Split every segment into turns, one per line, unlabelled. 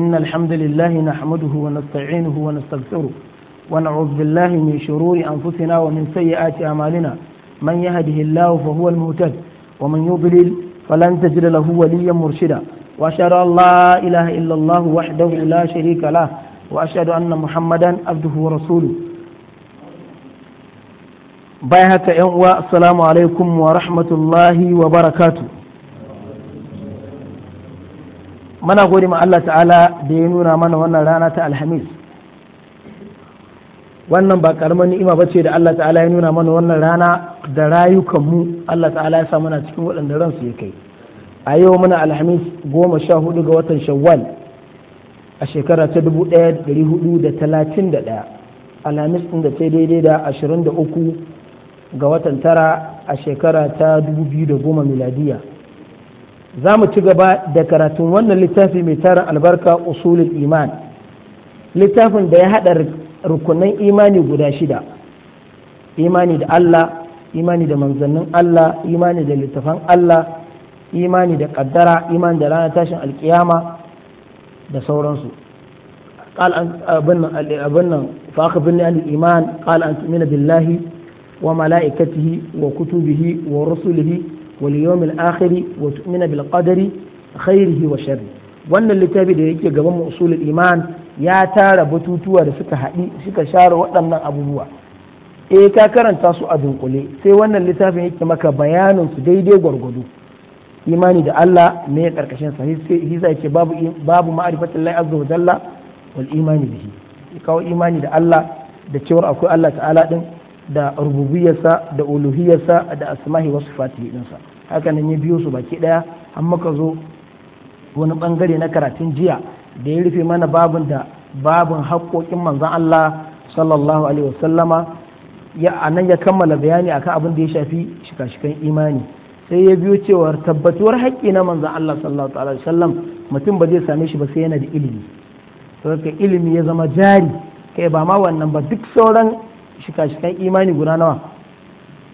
إن الحمد لله نحمده ونستعينه ونستغفره ونعوذ بالله من شرور أنفسنا ومن سيئات أعمالنا من يهده الله فهو المهتد ومن يضلل فلن تجد له وليا مرشدا وأشهد أن لا إله إلا الله وحده لا شريك له وأشهد أن محمدا عبده ورسوله بايهة يوم السلام عليكم ورحمة الله وبركاته muna gode ma Allah ta'ala da ya nuna mana wannan rana ta alhamis wannan ba karamar ni'ima ba ce da Allah ta'ala ya nuna mana wannan rana da rayukanmu Allah ta'ala ya sa mana cikin waɗanda ransu ya kai a yau muna alhamis goma sha hudu ga watan shawwal a shekara ta dubu ɗaya da dari hudu da talatin da ɗaya alhamis ɗin da ta daidai da ashirin da uku ga watan tara a shekara ta dubu biyu da goma miladiya za mu ci gaba da karatun wannan littafi mai tara albarka usulul iman littafin da ya haɗa rukunan imani guda shida imani da Allah imani da manzannin Allah imani da littafan Allah imani da kaddara imani da ranar tashin alkiyama da sauransu قال أبنا فأخبرني عن الإيمان قال أن تؤمن بالله وملائكته وكتبه ورسله واليوم الآخر وتؤمن بالقدر خيره وشره wannan littafi da yake gaban mu usulul iman ya tara batutuwa da suka haɗi suka share waɗannan abubuwa eh ka karanta su a dunkule sai wannan littafin yake maka bayanin su daidai gwargwado imani da Allah ne karkashin sa hiza yake babu babu ma'rifatullahi azza wa jalla wal imani bihi kawo imani da Allah da cewar akwai Allah ta'ala din da rububiyarsa da uluhiyarsa da asma'i wasu fatihi dinsa haka nan ya biyo su baki daya an muka zo wani bangare na karatun jiya da ya rufe mana babin da babin haƙoƙin manzon Allah sallallahu alaihi wasallama ya anan ya kammala bayani akan abin da ya shafi shika-shikan imani sai ya biyo cewar tabbatuwar haƙƙi na manzon Allah sallallahu alaihi wasallam mutum ba zai same shi ba sai yana da ilimi to ilimi ya zama jari kai ba ma wannan ba duk sauran shika-shikan imani guda nawa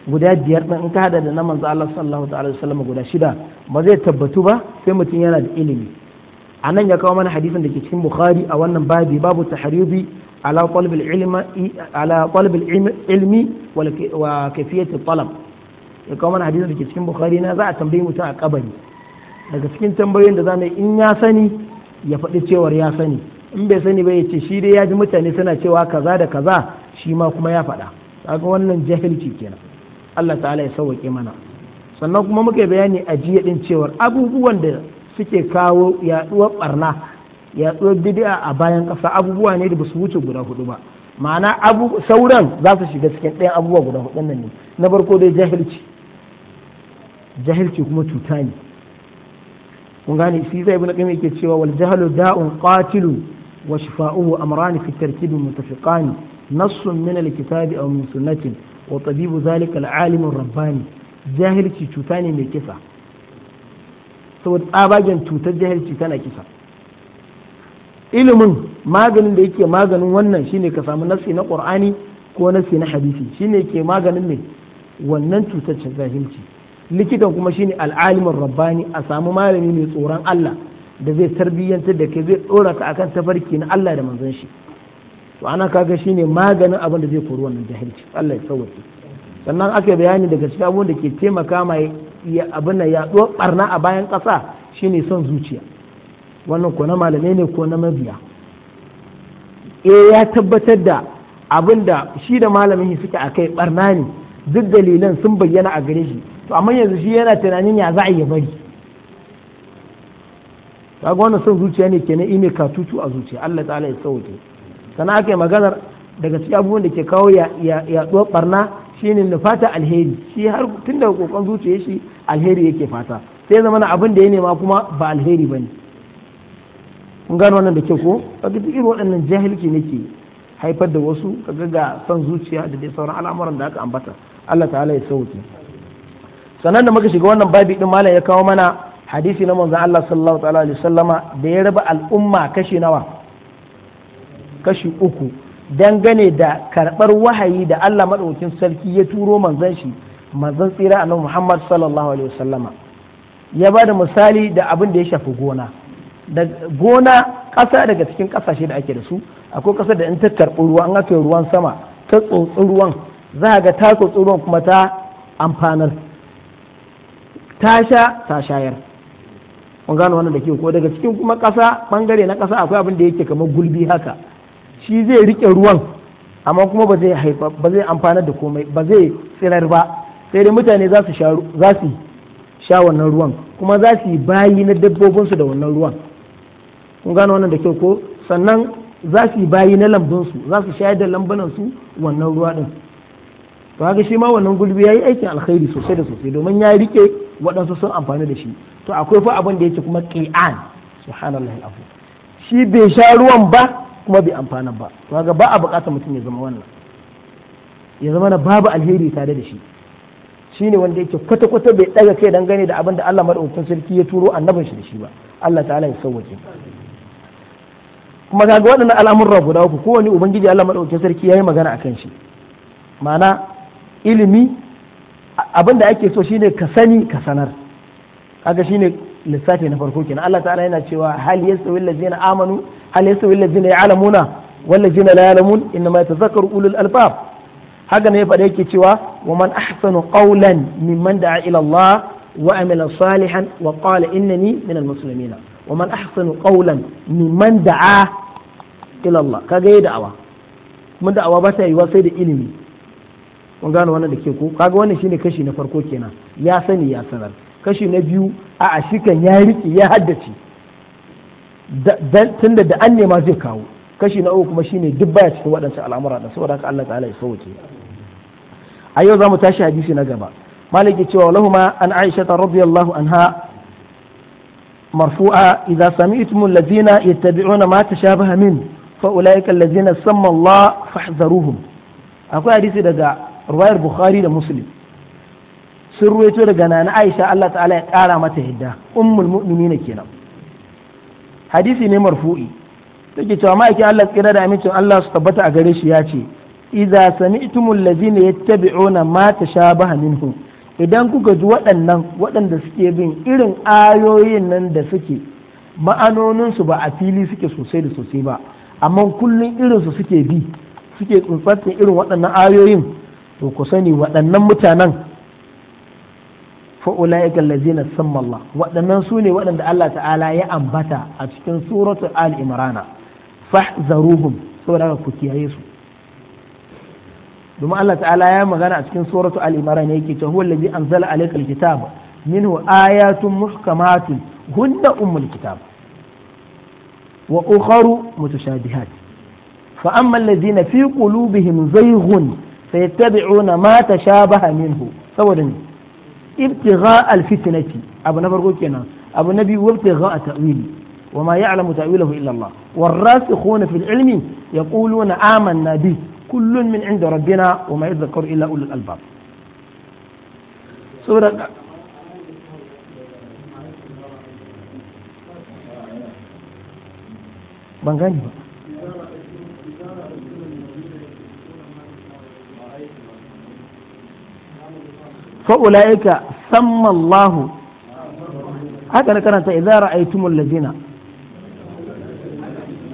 guda biyar ɗan in ka hada da na manzo Allah sallallahu alaihi wasallam guda shida ba zai tabbatu ba sai mutum yana da ilimi a nan ya kawo mana hadisin da ke cikin bukhari a wannan babi babu tahribi ala qalbil ilmi ala qalbil ilmi wa talab ya kawo mana hadisin da ke cikin bukhari na za a tambayi mutum a kabari daga cikin tambayoyin da za mu in ya sani ya faɗi cewar ya sani in bai sani ba ya ce shi dai ya ji mutane suna cewa kaza da kaza shi ma kuma ya faɗa kaga wannan jahilci kenan Allah ta'ala ya sauwake mana sannan kuma muka bayani a jiya din cewar abubuwan da suke kawo yaduwar barna yaduwar bid'a a bayan kasa abubuwa ne da ba su wuce guda hudu ba ma'ana sauran za su shiga cikin ɗayan abubuwa guda hudu nan ne na farko dai jahilci jahilci kuma cuta ne kun gane shi zai ibn qayyim yake cewa wal jahlu da'un qatilu wa shifa'uhu amrani fi tarkibi mutafiqani nassun min al-kitabi aw min sunnatin wa tabibu zalika al'alimin rabbani jahilci cuta ne mai kisa saboda tsabagen cutar jahilci tana kisa ilimin maganin da yake maganin wannan shine ka samu nasi na qur'ani ko nasi na hadisi shine ke maganin ne wannan cutar jahilci likitan kuma shine al'alimin rabbani a samu malami mai tsoron Allah da zai tarbiyyantar da kai zai dora ka akan tafarki na Allah da manzon shi to ana kaga shine maganin abin da zai kori wannan jahilci Allah ya sauke sannan ake bayani daga cikin abubuwan da ke taimaka mai abin nan do barna a bayan kasa shine son zuciya wannan ko na malamai ne ko na mabiya eh ya tabbatar da abin da shi da malamin suke akai barna ne duk dalilan sun bayyana a gare shi to amma yanzu shi yana tunanin ya za a yi bari kaga wannan son zuciya ne kenan ime katutu a zuciya Allah ta'ala ya sauke sana aka yi maganar daga cikin abubuwan da ke kawo yaɗuwar barna na fata alheri shi har tun daga kokon zuciya shi alheri yake fata sai zama na abin da ya nema kuma ba alheri bane kun gano wannan da ke ko a irin waɗannan jahilci ne ke haifar da wasu ka ga son zuciya da dai sauran al'amuran da aka ambata Allah ta'ala ya sauke sannan da muka shiga wannan babi din malam ya kawo mana hadisi na manzon Allah sallallahu ta'ala alaihi wasallama da ya raba al'umma kashi nawa kashi uku dangane da karɓar wahayi da Allah maɗaukin sarki ya turo manzon shi manzon tsira annabi Muhammad sallallahu alaihi wasallama ya ba da misali da abin da ya shafi gona da gona ƙasa daga cikin ƙasashe da ake da su akwai ƙasa da in ta karɓi ruwa an aka ruwan sama ta tsotsi ruwan za ga ta tsotsi ruwan kuma ta amfanar ta sha ta shayar kun gano wannan da ke ko daga cikin kuma ƙasa ɓangare na ƙasa akwai abin da yake kamar gulbi haka shi zai rike ruwan amma kuma ba zai haifa ba zai amfana da komai ba zai tsirar ba sai dai mutane za su sha wannan ruwan kuma za su yi bayi na dabbobinsu da wannan ruwan kun gano wannan da kyau ko sannan za su yi bayi na lambunsu za su shayar da lambunansu wannan ruwa din to haka shi ma wannan gulbi ya yi aikin alkhairi sosai da sosai domin ya rike waɗansu sun amfani da shi to akwai fa abin da yake kuma qi'an subhanallahi al'afu shi bai sha ruwan ba kuma bai amfana ba kaga ba a bukatar mutum ya zama wannan ya zama na babu alheri tare da shi shine wanda yake kwata kwata bai daga kai gane da abin da Allah madaukakin sarki ya turo annabin shi da shi ba Allah ta'ala ya sauwake kuma kaga waɗannan al'amuran guda uku kowane ubangiji Allah madaukakin sarki yayi magana akan shi mana ilimi abin da ake so shine ka sani ka sanar kaga shine lissafi na farko kenan Allah ta'ala yana cewa hal yastawi na amanu hal yasu allazina ya'lamuna wallazina la ya'lamun innama yatazakkaru ulul albab haka ne faɗa yake cewa wa man ahsanu qawlan mimman da'a ila Allah wa amila salihan wa qala innani minal muslimin wa man ahsanu qawlan mimman da'a ila Allah kaga yayi da'awa mun da'awa ba ta yiwa sai da ilimi kun gano wannan da ke ko kaga wannan shine kashi na farko kenan ya sani ya sanar kashi na biyu a'a shi kan ya riki. ya haddace tun da an nema zai kawo kashi na uku kuma shine duk baya cikin waɗancan al'amura da saboda haka Allah ta'ala ya sauke a yau za mu tashi hadisi na gaba maliki cewa lahu ma an aisha ta radiyallahu anha marfu'a idza sami'tum alladhina yattabi'una ma tashabaha min fa ulaika alladhina samma Allah fahdharuhum akwai hadisi daga riwayar bukhari da muslim sun ruwaito daga nana aisha Allah ta'ala ya kara mata hidda ummul na kenan hadisi ne marfu'i take cewa ma'aikin Allah tsira da amincin Allah su tabbata a gare shi ya ce idza sami'tum allazina yattabi'una ma tashabaha minhu idan kuka ji waɗannan waɗanda suke bin irin ayoyin nan da suke ma'anoninsu ba a fili suke sosai da sosai ba amma kullum irinsu suke bi suke tsuntsatsin irin waɗannan ayoyin to ku sani waɗannan mutanen fa'ula'ika allazina samma Allah waɗannan su ne waɗanda Allah ta'ala ya ambata a cikin suratul al fahzaruhum saboda ku kiyaye su domin Allah ta'ala ya magana a cikin suratul al yake ta huwa allazi anzala alaykal kitaba minhu ayatun muhkamatun hunna umul kitab wa ukharu mutashabihat fa amma allazina fi qulubihim zayghun fayattabi'una ma tashabaha minhu saboda ne ibtigha alfitnati abu na farko kenan abu na biyu ibtigha ta'wili wa ma ya'lamu ta'wilahu illa Allah warasikhuna fil ilmi yaquluna amanna bi kullun min inda rabbina wa ma yadhakkaru illa fa'ula'ika samma Allahu haka na karanta idza ra'aytumul ladina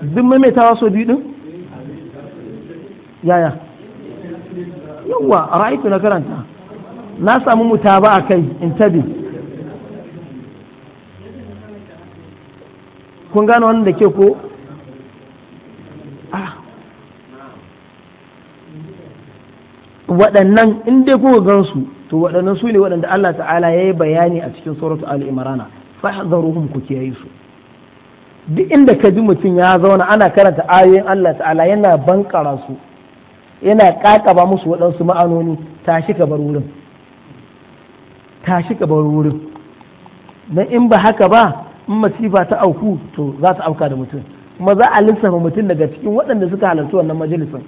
duk maimaitawa so bi
din yaya yawa ra'aytu na karanta na samu mutaba a kai in tabi kun gane wannan da ke ko ah. waɗannan in dai kuka gansu to waɗannan su ne waɗanda Allah ta'ala ya yi bayani a cikin suratu al-imrana fahzaruhum ku yi su duk inda ka ji mutum ya zauna ana karanta ayoyin Allah ta'ala yana bankara su yana kakaba musu waɗansu ma'anoni tashi ka bar wurin tashi ka bar wurin na in ba haka ba in masifa ta auku to za ta auka da mutum kuma za a lissafa mutum daga cikin waɗanda suka halarci wannan majalisin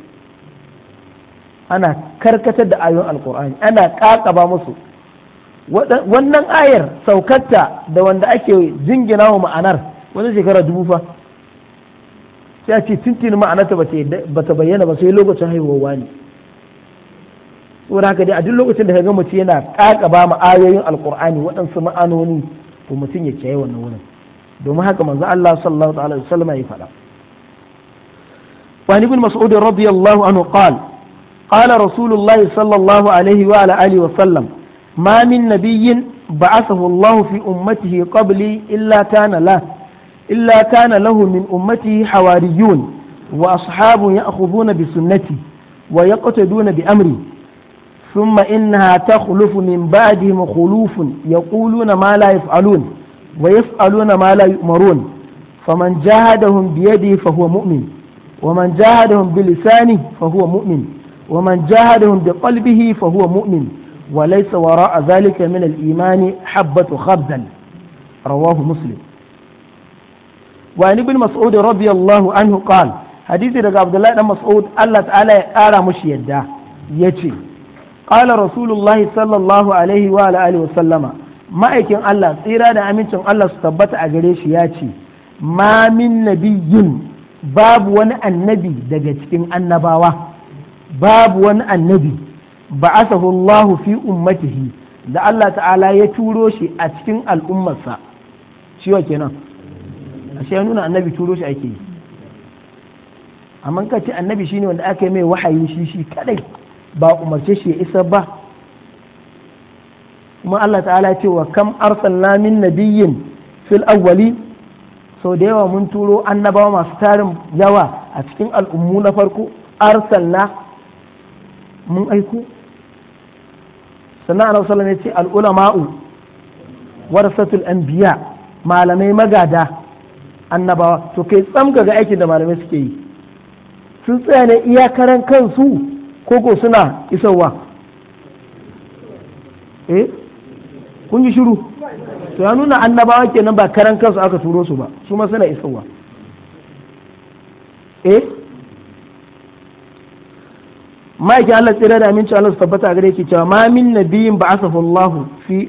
ana karkatar da ayoyin alkur'ani ana kakaba musu wannan ayar saukatta da wanda ake jingina wa ma'anar wani shekara dubu fa sai a ce tuntuni ma'anarta ba ta bayyana ba sai lokacin haihuwa ne saboda haka dai a duk lokacin da ka ga mutum yana kakaba ma ayoyin alkur'ani waɗansu ma'anoni to mutum ya kiyaye wannan wurin domin haka manzo Allah sallallahu alaihi wasallam ya faɗa وعن ابن مسعود رضي الله عنه قال قال رسول الله صلى الله عليه وعلى آله وسلم ما من نبي بعثه الله في أمته قبلي إلا كان له إلا كان له من أمته حواريون وأصحاب يأخذون بسنتي ويقتدون بأمري ثم إنها تخلف من بعدهم خلوف يقولون ما لا يفعلون ويفعلون ما لا يؤمرون فمن جاهدهم بيده فهو مؤمن ومن جاهدهم بلسانه فهو مؤمن ومن جاهدهم بقلبه فهو مؤمن وليس وراء ذلك من الإيمان حبة خردل رواه مسلم وعن ابن مسعود رضي الله عنه قال حديث رجع عبد الله بن مسعود الله تعالى أرى مش يده يتي قال رسول الله صلى الله عليه وعلى آله وسلم ما يكن الله سيرا دا أمينتم الله ستبت أجريش ياتي ما من نبي باب ون النبي دقتكم النباوة babu wani annabi ba'athahu Allah fi ummatihi da Allah ta'ala ya turo shi a cikin al'ummarsa ciwa kenan ashe ya nuna annabi turo shi ake yi amma ka ce annabi shine wanda aka yi mai wahayi shi shi kadai ba umarce shi ya isa ba kuma Allah ta'ala ya ce wa kam arsalna min nabiyyin fil awwali sau da yawa mun turo annabawa masu tarin yawa a cikin al'ummu na farko arsalna mun aiko sannan annabi sallallahu ya ce alulama'u ulamau warasatul anbiya malamai magada annabawa to kai tsam ga aikin da malamai suke yi sun tsaya ne iyakaran kansu koko suna isarwa eh kun ji shiru to ya nuna annabawa kenan ba karan kansu aka turo su ba su ma suna isowa eh ma'aikin Allah tsira da aminci Allah su tabbata gare shi cewa ma min nabiyin ba asafa Allah fi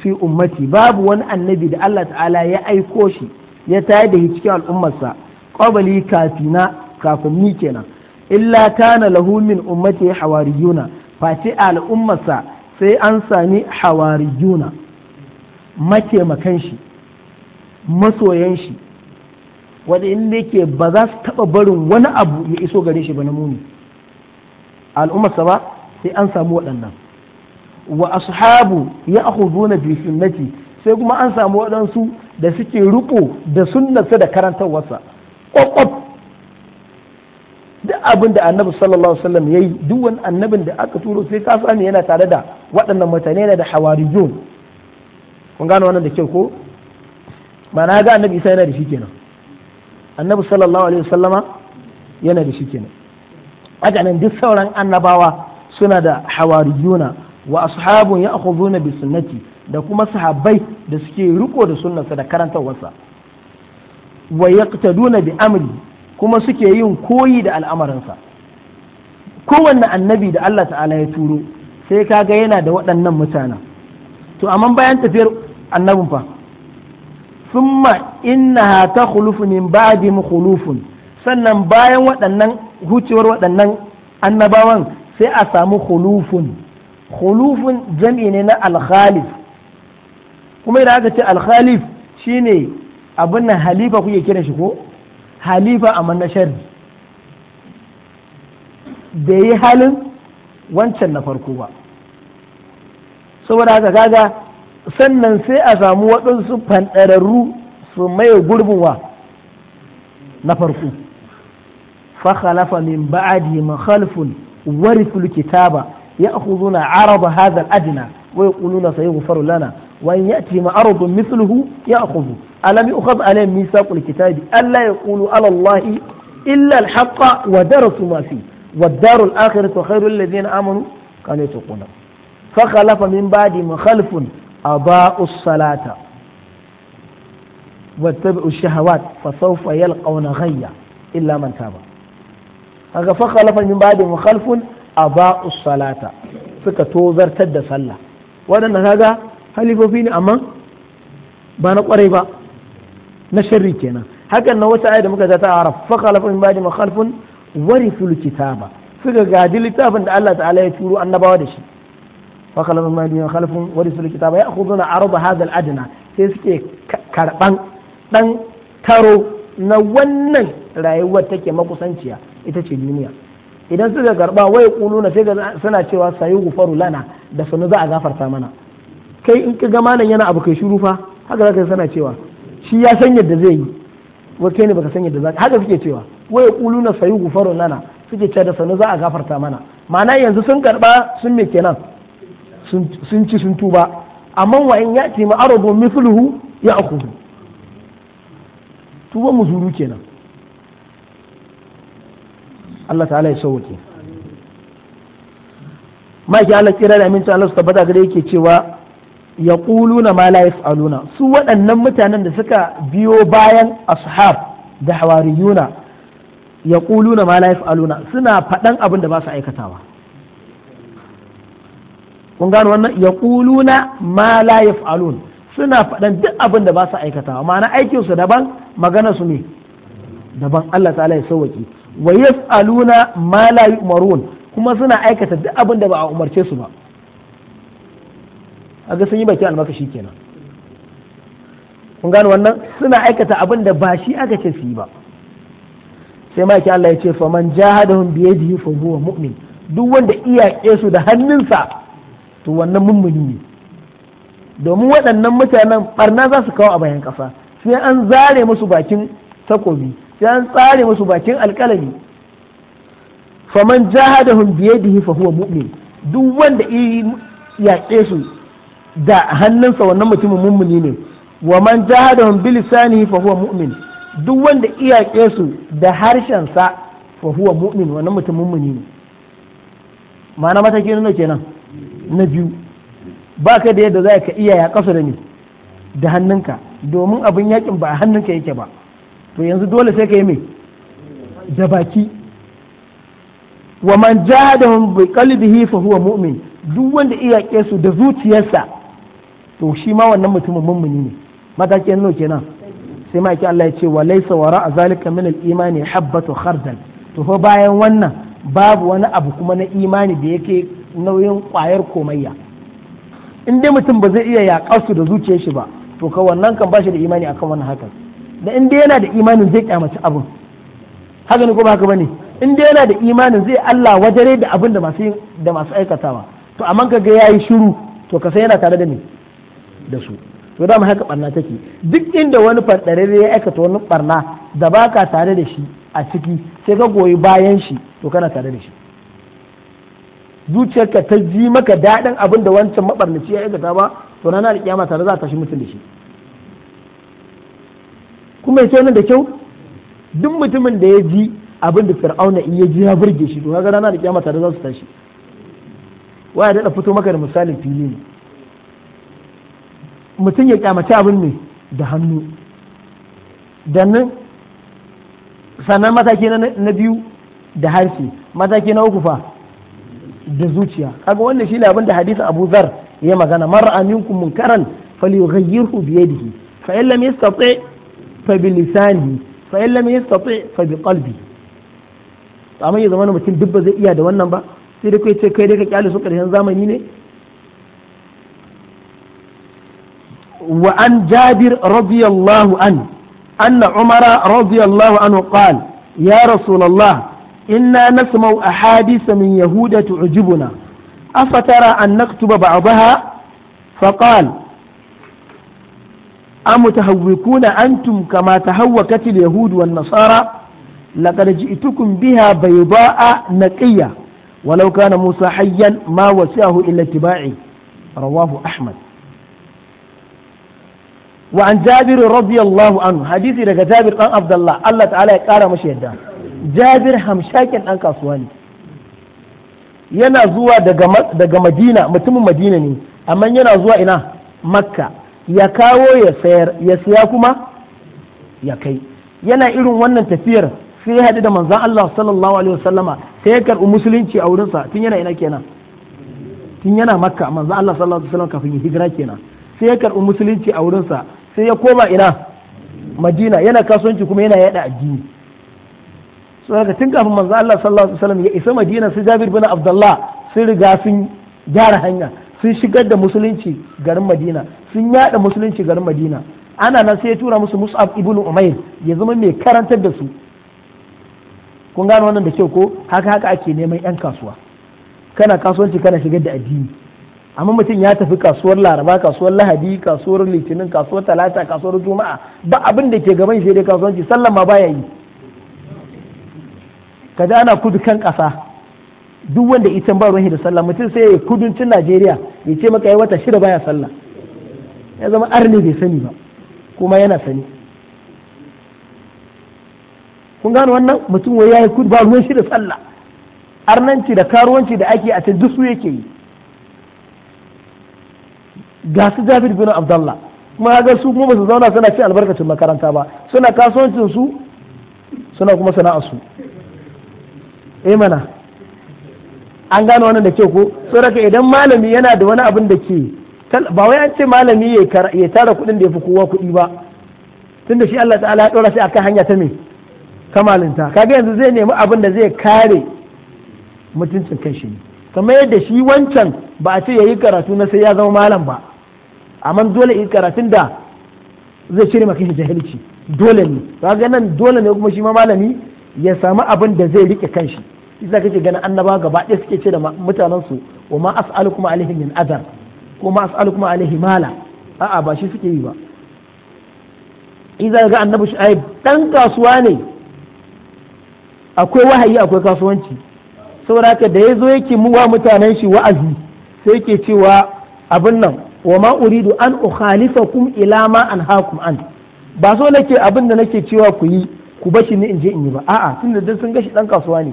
fi ummati babu wani annabi da Allah ta'ala ya aiko shi ya tayar da cikin al'ummarsa qabli kafina kafin ni kenan illa kana lahu min ummati hawariyuna face al'ummarsa sai an sami hawariyuna makan shi masoyan shi wanda in yake ba za su taba barin wani abu ya iso gare shi ba na muni al'ummarsa ba sai an samu waɗannan wa ashabu ya akhuduna bi sunnati sai kuma an samu waɗansu da suke riko da sunnarsa da karantarwarsa kwakwaf duk abin da annabi sallallahu alaihi wasallam yayi duk wani annabin da aka turo sai ka sani yana tare da waɗannan mutane yana da hawarijun kun gano wannan da kyau ko ma'ana ga annabi isa yana da shi kenan annabi sallallahu alaihi wasallama yana da shi kenan haka duk sauran annabawa suna da hawariyuna wa ashabun ya'khuduna bi sunnati da kuma sahabbai da suke riko da sunnarsa da karantarwarsa wa yaqtaduna bi amri kuma suke yin koyi da al'amarinsa kowanne annabi da Allah ta'ala ya turo sai kaga yana da waɗannan mutanen to amma bayan tafiyar annabin fa summa innaha takhlufu min ba'di khulufun sannan bayan waɗannan hucewar waɗannan annabawan sai a samu khulufun khulufun jam'i ne na alkhalif kuma idan aka ce alkhalif shine abin nan halifa kuke kiran shi ko halifa a na shari da yi halin wancan na farko ba saboda haka kaga sannan sai a samu waɗansu fanɗararru su maye gurbin na farko فخلف من بعدهم خلف ورثوا الكتاب يأخذون عرض هذا الأدنى ويقولون سيغفر لنا وإن يأتهم عرض مثله يأخذه ألم يؤخذ عليهم ميثاق الكتاب ألا يقولوا على الله إلا الحق ودرسوا ما فيه والدار الآخرة خير الذين آمنوا كانوا يتقون فخلف من بعدهم خلف أضاءوا الصلاة واتبعوا الشهوات فسوف يلقون غيا إلا من تاب kaga fa khalafa min ba'di mukhalfun aba'u salata suka tozartar da sallah waɗanda kaga halifofi ne amma ba na kwarai ba na sharri kenan hakan na wata aya da muka ta araf fa khalafa min ba'di mukhalfun warithul kitaba suka gadi littafin da Allah ta'ala ya turo annabawa da shi fa khalafa min ba'di mukhalfun warithul kitaba ya'khuduna arada hadha al-adna sai suke karban dan taro na wannan rayuwar take makusanciya ita ce duniya idan suka waya wai na sai suna cewa sayu gufaru lana da sanu za a gafarta mana kai in ka ga malam yana abu kai shiru fa haka zaka sana cewa shi ya san yadda zai yi wai kai ne baka san yadda za haka suke cewa wai na sayu gufaru lana suke cewa da sanu za a gafarta mana ma'ana yanzu sun karba sun me kenan sun ci sun tuba amma wa in ma arabu mithluhu akhudu tuba muzuru kenan Allah ta'ala ya sauke maki Allah tsira da amincin Allah su tabbata gare yake cewa ya na ma la yaf'aluna su waɗannan mutanen da suka biyo bayan ashab da hawariyuna ya na ma la yaf'aluna suna faɗan abin da ba su aikatawa kun gano wannan ya na ma la yaf'alun suna faɗan duk abin da ba su aikatawa ma'ana aikinsu daban su ne daban Allah ta'ala ya sauke wa yaf'aluna ma la yu'marun kuma suna aikata duk abin da ba a umarce su ba kaga sun yi baki almakashi kenan kun gano wannan suna aikata abin da ba shi aka ce su yi ba sai maki Allah ya ce fa man jahadahum bi yadihi fa huwa mu'min duk wanda iya su da hannunsa to wannan mummuni ne domin waɗannan mutanen barna za su kawo a bayan ƙasa sai an zare musu bakin takobi sai an tsare musu bakin alƙalami faman jahadahum biyadihi fa huwa mu'min duk wanda yaƙe su da hannunsa wannan mutumin mummuni ne wa man jahadahum lisanihi fa huwa mu'min duk wanda iyaƙe su da harshensa fa huwa mu'min wannan mutum mummuni ne ma'ana mataki na kenan na biyu ba ka da yadda za ka iya ya kasa da ni da hannunka domin abin yakin ba a hannunka yake ba to yanzu dole sai ka yi mai da baki wa man jahadahum bi qalbihi fa huwa mu'min duk wanda iya kesu da zuciyarsa to shi ma wannan mutumin mummuni ne matakin nawa kenan sai ma yake Allah ya ce wa laysa wara zalika min al-imani habatu khardal to fa bayan wannan babu wani abu kuma na imani da yake nauyin kwayar komayya in dai mutum ba zai iya yaƙar su da zuciyar shi ba to ka wannan kan bashi da imani akan wannan hakan da in dai yana da imanin zai kyamaci abin haka ne ko ba ka bane in dai yana da imanin zai Allah wajare da abin da masu da masu aikatawa to amma ga yayi shiru to ka san yana tare da ni da su to da haka barna take duk inda wani fardarere ya aikata wani barna da baka tare da shi a ciki sai ka goyi bayan shi to kana tare da shi zuciyarka ta ji maka daɗin abin da wancan mabarnaci ya aikata ba to da kiyama tare za ta shi mutum da shi kuma ya ce da kyau duk mutumin da ya ji abin da fir'auna ya ji ya burge shi to ga rana da kyamata da za su tashi waya daɗa fito maka da misalin fili ne mutum ya kyamaci abin ne da hannu da nan sannan mataki na biyu da harshe mataki na uku fa da zuciya kaga wannan shi ne abin da hadisin abu zar ya magana mara aminku munkaran falyughayyirhu biyadihi fa illam yastati fa bi lisanihi fa in fa bi to amma ya zama mutum duk ba zai iya da wannan ba sai dai kai ce kai dai ka kyale su karshen zamani ne wa an jabir radiyallahu an anna umara radiyallahu anhu qala ya rasulullah inna nasma'u ahadith min yahuda tu'jibuna afatara an naktuba ba'daha فقال amu tahawwikuna antum kama tahawwakat al Yahudu wan nasara laqad ji'tukum biha a naqiyya walauka na musa hayyan ma wasi'ahu illa tiba'i rawahu ahmad wa an jabir radiyallahu anhu hadisi daga jabir ɗan-Abdallah, Allah ta'ala ya kara mashi yadda jabir hamshakin ɗan kasuwani, yana zuwa daga daga madina mutumin madina ne amma yana zuwa ina makka ya kawo ya sayar ya siya kuma ya kai yana irin wannan tafiyar sai ya haɗu da manzan Allah sallallahu alaihi wasallama sai ya karɓi musulunci a wurinsa tun yana ina kenan tun yana makka manzan Allah sallallahu alaihi wasallam kafin hijira kenan sai ya karɓi musulunci a wurinsa sai ya koma ina madina yana kasuwanci kuma yana yada addini so daga tun kafin manzan Allah sallallahu alaihi wasallam ya isa madina sai Jabir bin Abdullah sun riga sun gyara hanya sun shigar da musulunci garin madina sun yada musulunci garin madina ana nan sai ya tura musu mus'ab ibn umair ya zama mai karantar da su kun gano wannan da kyau ko haka haka ake neman yan kasuwa kana kasuwanci kana shigar da addini amma mutum ya tafi kasuwar laraba kasuwar lahadi kasuwar litinin kasuwar talata kasuwar juma'a ba abin da ke gaban shi dai kasuwanci sallan ma baya yi kaji ana kudu kan kasa duk wanda ita ba ruwan da sallah mutum sai ya kuduncin Najeriya ya ce maka ya wata shida baya sallah ya zama arne bai sani ba kuma yana sani kun gano wannan mutum wai yi kudu ba ruwan shi da sallah arnanci da karuwanci da ake a can duk su yake yi ga su Jabir bin Abdallah kuma ga su kuma su zauna suna cin albarkacin makaranta ba suna kasuwancin su suna kuma sana'arsu. su eh mana an gano wannan da ke ko saboda idan malami yana da wani abin da ke ba wai an ce malami ya tara kudin da ya fi kowa kudi ba tun da shi Allah ta'ala ya ɗora shi akan hanya ta me kamalinta kaga yanzu zai nemi abin da zai kare mutuncin kai shi kamar yadda shi wancan ba a ce yayi yi karatu na sai ya zama malam ba amma dole yi karatun da zai cire maka shi jahilci dole ne kaga nan dole ne kuma shi ma malami ya samu abin da zai rike kanshi shi kake ganin annaba gaba ɗaya suke ce da mutanen wa ma kuma alaihi min adar ko ma kuma alaihi mala a'a ba shi suke yi ba idan ga annabi shu'aib dan kasuwa ne akwai wahayi akwai kasuwanci saboda haka da yazo yake mu wa mutanen shi wa'azi sai yake cewa abin nan wa ma uridu an ukhalifakum ila ma anhaakum an ba so nake abin da nake cewa ku yi ku bashi ne in je in yi ba a'a tunda dan sun gashi dan kasuwa ne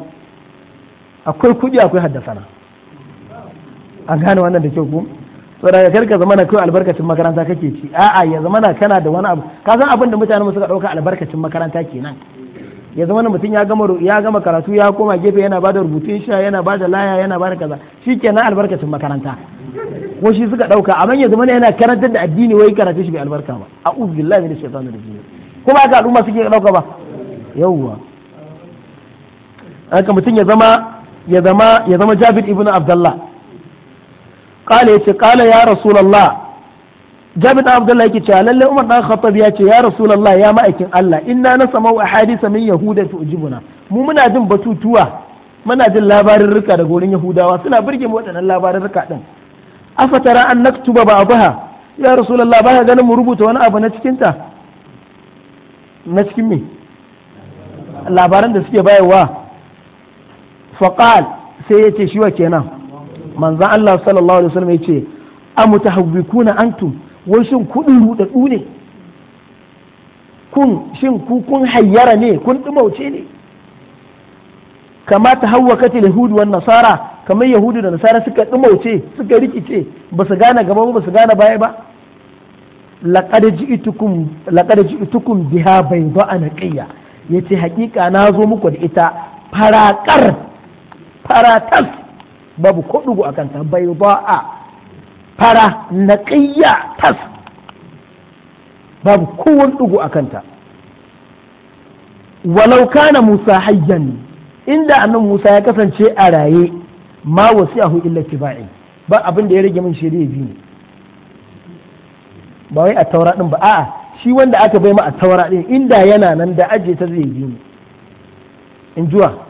akwai kuɗi akwai haddasana an gane wannan da kyau ko saboda karka zama na kawai albarkacin makaranta kake ci a'a ya zama na kana da wani abu ka san abin da mutane suka ɗauka albarkacin makaranta kenan ya zama na mutum ya gama ya gama karatu ya koma gefe yana bada rubutun sha yana bada laya yana bada kaza shikenan albarkacin makaranta ko shi suka ɗauka amma ya zama yana karantar da addini wai karatu shi bai albarka ba a'udhu billahi minash shaitanir rajim kuma haka al'umma suke ɗauka ba yawwa aka mutum ya zama ya zama ya zama Jabir ibn Abdullah qala yace qala ya rasulullah Jabir ibn Abdullah yake cewa lalle Umar dan Khattab ya ce ya rasulullah ya ma'aikin Allah inna samau ahadisa min yahuda ujibuna mu muna jin batutuwa muna jin labarin rika daga wurin Yahudawa suna burge mu waɗannan labarin rika din afatara an naktuba ba'daha ya rasulullah baya ganin mu rubuta wani abu na cikin ta na cikin me labaran da suke bayarwa faqal sai yace shi wa kenan manzon Allah sallallahu alaihi wasallam yace amutahawwikuna antum wai shin kudin rudadu ne kun shin ku kun hayyara ne kun dumauce ne kama ta yahudu wan nasara kamar yahudu da nasara suka dumauce suka rikice ba su gane gaba ba su gane baya ba laqad ji'tukum laqad ji'tukum biha bayda anqiya yace hakika na zo muku da ita farakar faratan babu ko a kanta bai ba'a fara na ƙiyya tas babu kowan dugu a kanta walau kana musa hayyan inda annan musa ya kasance a raye ma yahu illa tibai ba abin da ya rage min shirya biyu ne ba wai a taura ɗin ba a'a shi wanda aka bai ma a taura ɗin inda yana nan da ajiye ta zai biyu ne in juwa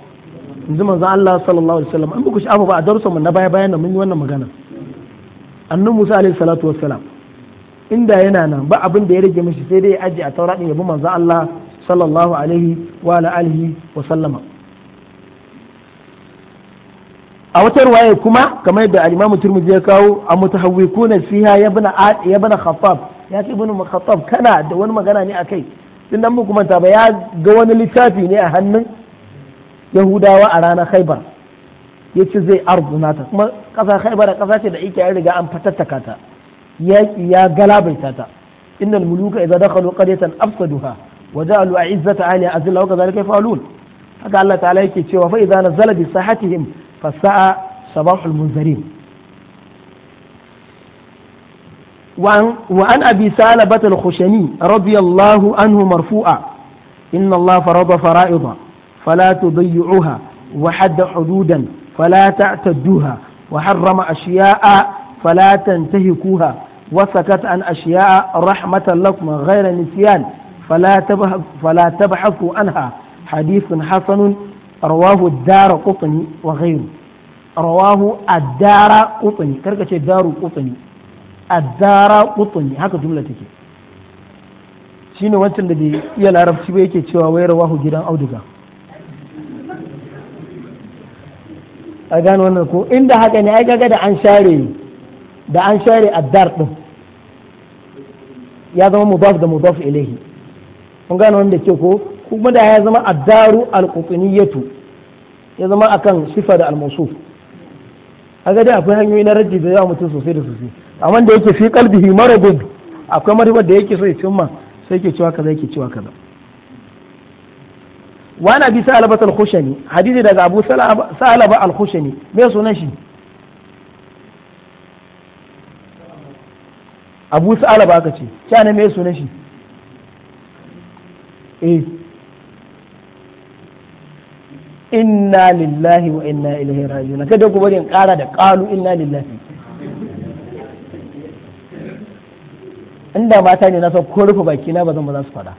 yanzu manzo Allah sallallahu alaihi wasallam an buku sha'afa ba a darussa mun na baya bayan mun yi wannan magana annabi Musa alaihi salatu wassalam inda yana nan ba abin da ya rage mishi sai dai ya aje a tauraɗin ya bi manzo Allah sallallahu alaihi wa alihi wa sallama a wata ruwaya kuma kamar da al-Imam Tirmidhi ya kawo a mutahawwikuna fiha yabna yabna khaffaf ya ce ibn khaffaf kana da wani magana ne akai din nan kuma ta ba ya ga wani littafi ne a hannun yahudawa a ranar haibar ya ce zai arzuna ta kuma ƙasa haibar ƙasa ce da ike ya riga an fatattaka ta yaƙi ya galabaita ta innal muluka idza dakhalu qaryatan afsaduha wa ja'alu a ahliha azilla wa kadhalika yaf'alun haka Allah ta'ala yake cewa fa idza nazala bi sahatihim fasa'a sabahul munzirin وعن أبي سالبة الخشني رضي الله عنه مرفوعا إن الله فرض فرائضا فلا تضيعوها وحد حدودا فلا تعتدوها وحرم أشياء فلا تنتهكوها وسكت عن أشياء رحمة لكم غير نسيان فلا تبحث فلا تبحثوا عنها حديث حسن رواه الدار قطني وغيره رواه الدار قطني كركة الدار قطني الدار قطني هكا جملة تكي شنو وانت الذي يلا رب شبيك تشوى ويرواه جيران أو دقا a gano wannan ko inda haka ne ai kaga da an share da an share addar din ya zama mudaf da mudaf ilaihi kun gano wanda ke ko kuma da ya zama addaru alqutniyatu ya zama akan sifa da almusuf kaga dai akwai hanyoyi na rajji da yawa mutum sosai da sosai amma da yake fi qalbihi maradun akwai marifar da yake so ya cimma sai ke cewa kaza yake cewa kaza wa na bi salaba al-khushani hadisi daga abu salaba al-khushani me sunan shi abu salaba aka ce kana me sunan shi eh inna lillahi wa inna ilaihi raji'un kada ku bari in kara da qalu inna lillahi inda mata ne na san ko rufe bakina na ba za su faɗa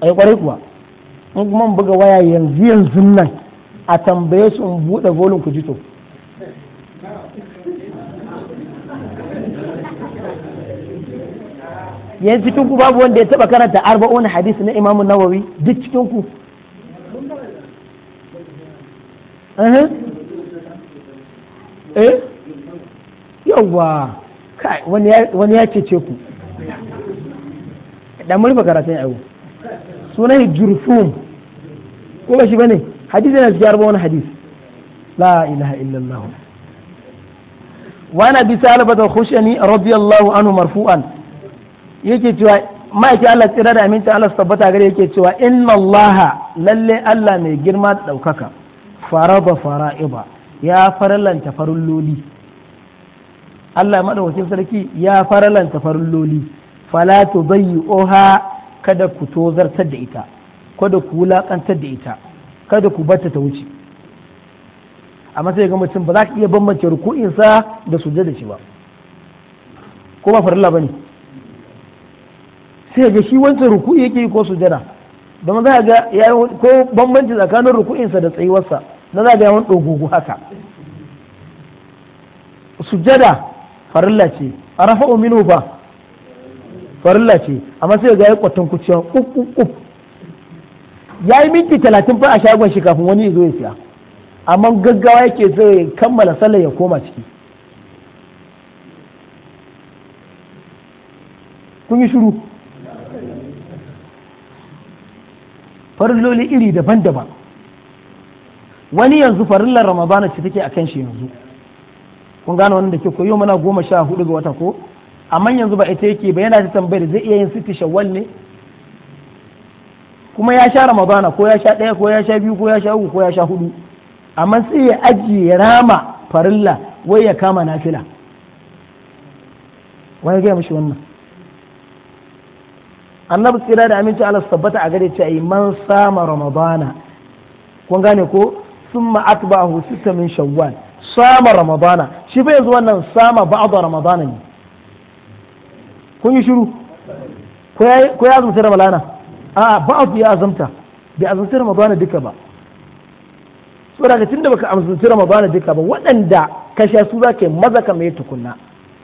ai kwarai kuwa in kuma buga waya yanzu yanzu nan a tambaye su in buɗe volin ku jito
yanzu cikin ku babu
wanda ya taba karanta arba'un hadisi na imamu nawawi duk cikin ku eh yawwa wani ya cece ku dan mulfa karatun yau sunan jurfum ko ba shi bane hadisi yana cikin arba wani hadis la ilaha illallah wa na bi salabata khushani radiyallahu anhu marfu'an yake cewa ma'aiki Allah tsira da aminta Allah su tabbata gare yake cewa inna Allah lalle Allah mai girma da daukaka faraba fara'iba ya farin farulloli Allah madaukakin sarki ya farallanta farulloli fala oha. kada ku tozartar da ita kada ku wulaƙantar da ita kada ku barta ta wuce amma sai ga mutum ba za ka iya bambance ruku'insa da da shi ba ko ba farilla bane sai ga shi wancan ruku'i yake ko sujjada don za ga ya ko bambanci tsakanin ruku'insa da tsayuwarsa na za ga yawan dogogo haka sujjada farilla ce a rafa'u minhu ba farilla ce amma sai ga ya kwatan kuciya kukukuk ya yi minti talatin fa a shagon shi kafin wani zo ya siya amma gaggawa yake zai kammala sallar ya koma ciki kun yi shiru farilloli iri daban-daban wani yanzu farillar ramadana ce take akan shi yanzu kun gane wanda da ke koyo mana goma sha hudu ga wata ko amma yanzu ba ita yake ba yana ta tambayar zai iya yin sitti shawwal ne kuma ya sha ramadana ko ya sha ɗaya ko ya sha biyu ko ya sha uku ko ya sha hudu amma sai ya ajiye rama farilla wai ya kama nafila wani gaya mashi wannan annabi tsira da aminci Allah tabbata a gare ce man sama ramadana kun gane ko summa atba'ahu sita min shawwal sama ramadana shi bai yanzu wannan sama ba'da ramadana ne kun yi shiru ko ya azumta ramadana a ba a ya azumta bai azumta ramadana duka ba saboda tunda baka azumta ramadana duka ba waɗanda ka sha su za yi maza ka mai tukunna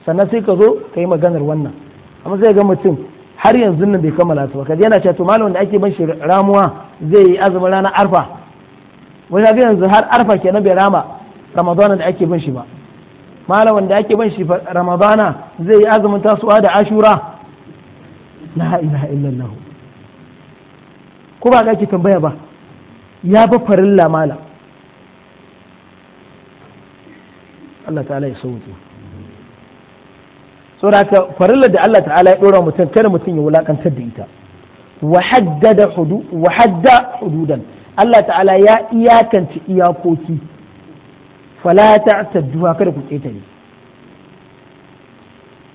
sannan sai ka zo ka yi maganar wannan amma sai ga mutum har yanzu nan bai kammala su ba kaji yana cewa to malam wanda ake ban shi ramuwa zai yi azumin ranar arfa wani ga yanzu har arfa kenan bai rama ramadana da ake ban shi ba malamin da ake ban shi ramadana zai yi azumin tasuwa da ashura la ilaha illallah ko ba ake tambaya ba ya ba farin mala Allah ta'ala ya sauke saboda farilla da Allah ta'ala ya dora mutum kada mutum ya wulakantar da ita wa haddada hududan Allah ta'ala ya iyakance iyakoki fala ta'tadduha kada ku ƙetare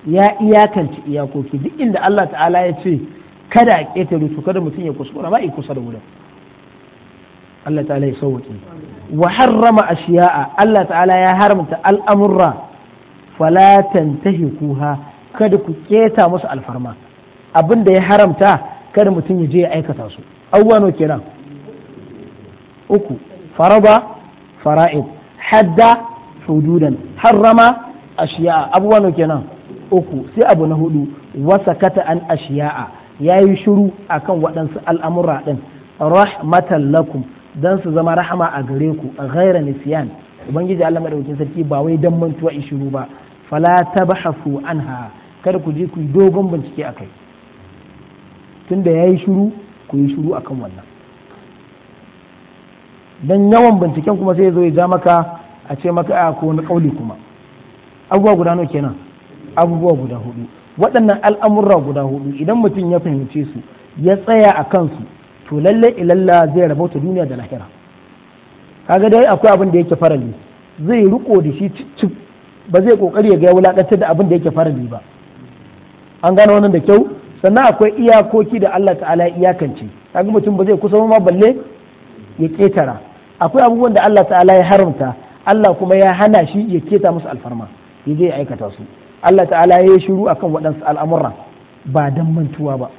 ya iyakance iyakoki duk inda Allah ta'ala ya ce kada a ƙetare to kada mutum ya kuskura ba ya kusa da wurin Allah ta'ala ya sauwaƙe wa harrama ashiya'a Allah ta'ala ya haramta al'amurra fala tantahi kada ku keta musu alfarma abin da ya haramta kada mutum ya je ya aikata su awwano kenan uku faraba fara'id hadda hududan harrama ashiya abubuwa no kenan uku sai abu na hudu wasakata an ashiya'a yayi shiru akan waɗansu al'amura din rahmatan lakum dan su zama rahama a gare ku a ghaira nisyan ubangiji Allah madaukakin sarki ba wai dan mantuwa shiru ba fala tabhasu anha kada ku je ku dogon bincike akai tunda yayi shiru ku yi shiru akan wannan dan yawan binciken kuma sai ya zo ya ja maka a ce maka a ko na kauli kuma abubuwa guda nawa kenan abubuwa guda hudu waɗannan al'amurra guda hudu idan mutum ya fahimce su ya tsaya a kansu to lalle ilalla zai ta duniya da lahira kaga dai akwai abin da yake farali zai riko da shi cicci ba zai kokari ya ga wulakantar da abin da yake farali ba an gano wannan da kyau sannan akwai iyakoki da Allah ta'ala iyakance kaga mutum ba zai kusa ma balle ya ketara akwai abubuwan da Allah ta'ala ya haramta Allah kuma ya hana shi ya keta musu alfarma ya je ya aikata su Allah ta'ala ya yi shiru akan waɗansu al'amura ba dan mantuwa ba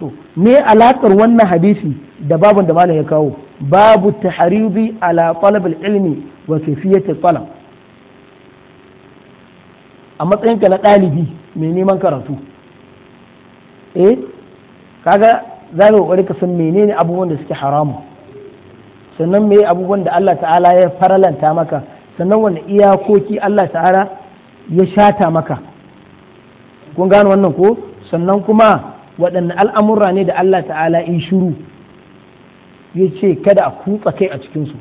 to me alaƙar wannan hadisi da babun da malam ya kawo babu taharidi ala talab ilmi wa kayfiyati talab a matsayinka na ɗalibi mai neman karatu eh kaga za ka kokari ka san menene abubuwan da suke haramu sannan me abubuwan da Allah ta'ala ya faralanta maka sannan wani iyakoki Allah ta'ala ya shata maka kun gano wannan ko sannan kuma waɗanne al'amurra ne da Allah ta'ala in shiru ya ce kada a kutsa kai a cikinsu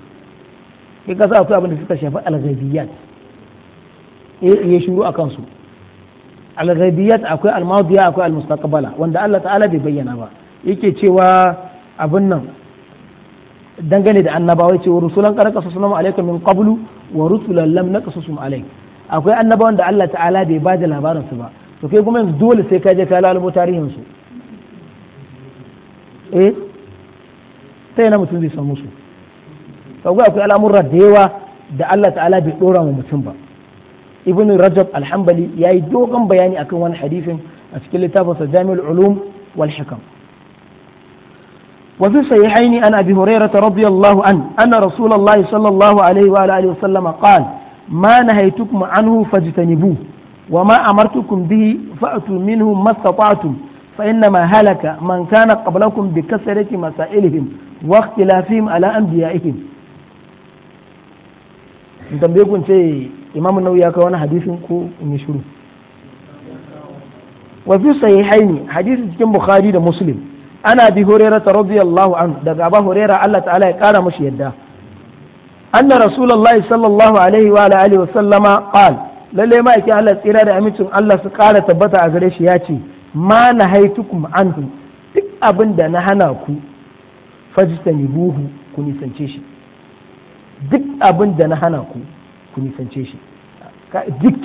ya kasa akwai abin da suka shafi alghabiyat eh, ya shiru a kansu alghabiyat akwai almadiya akwai almustaqbala wanda Allah ta'ala bai bayyana ba yake cewa abin nan dangane da annabawai ce wa rusulan qad qasasnahum alayka min qablu wa rusulan lam naqsusum alaik akwai annabawan da Allah ta'ala bai ba da labarin su ba to kai kuma yanzu dole sai ka je ka lalubo tarihin su eh ta yana mutum zai san musu kaga akwai al'amurra da yawa da Allah ta'ala bai dora wa mutum ba ibn rajab alhambali hanbali yayi dogon bayani akan wani hadisin a cikin littafinsa jami'ul ulum wal hikam وفي الصحيحين عن أبي هريرة رضي الله عنه أن رسول الله صلى الله عليه وآله وسلم قال ما نهيتكم عنه فاجتنبوه وما أمرتكم به فأتوا منه ما استطعتم فإنما هلك من كان قبلكم بكثرة مسائلهم واختلافهم على أنبيائهم in tambaye kun ce imamu nau ya kawo wani hadisin ko in yi shiru wa fi sahihaini hadisi cikin bukhari da muslim ana bi hurairah radiyallahu da daga abu hurairah Allah ya kara mashi yadda anna rasulullahi sallallahu alaihi wa sallama qal ma yake Allah tsira da amincin Allah su kara tabbata a gare ya ce ma nahaitukum anhu duk abin na hana ku ku shi duk abin da na hana ku ku nisance shi duk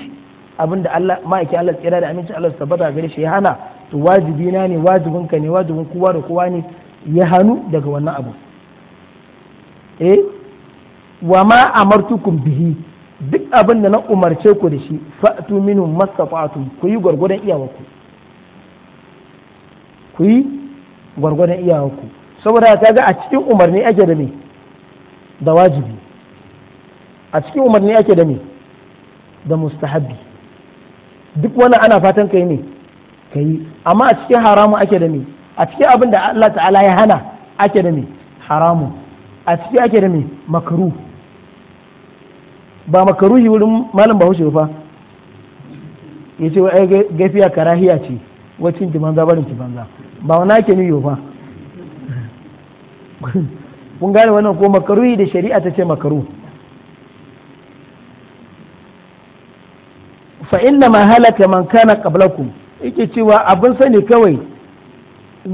abin da Allah ma'aikin Allah tsira da amincin Allah su tabbata gare shi ya hana to wajibi na ne wajibin ka ne wajibin kowa da kowa ne ya hannu daga wannan abu eh wa ma amartukum bihi duk abin da na umarce ku da shi fa'tu minhu mastata'tum ku yi gwargwadon iyawarku ku yi gwargwadon iyawarku saboda ta ga a cikin umarni ake da me da wajibi a cikin umarni ake da me da mustahabbi duk wannan ana fatan kai ne ka yi amma a cikin haramun ake da me a cikin abin da Allah ta'ala ya hana ake da me haramun a ciki ake da me makaru ba makaruhi wurin malam bahaushe fa ya ce wa gafiya karahiya ce wacin ki banza barin ki banza ba wani ake niyo fa kun gane wannan ko makaruhi da shari'a ta ce makaru fa inna ma halaka man kana qablakum yake cewa abin sani kawai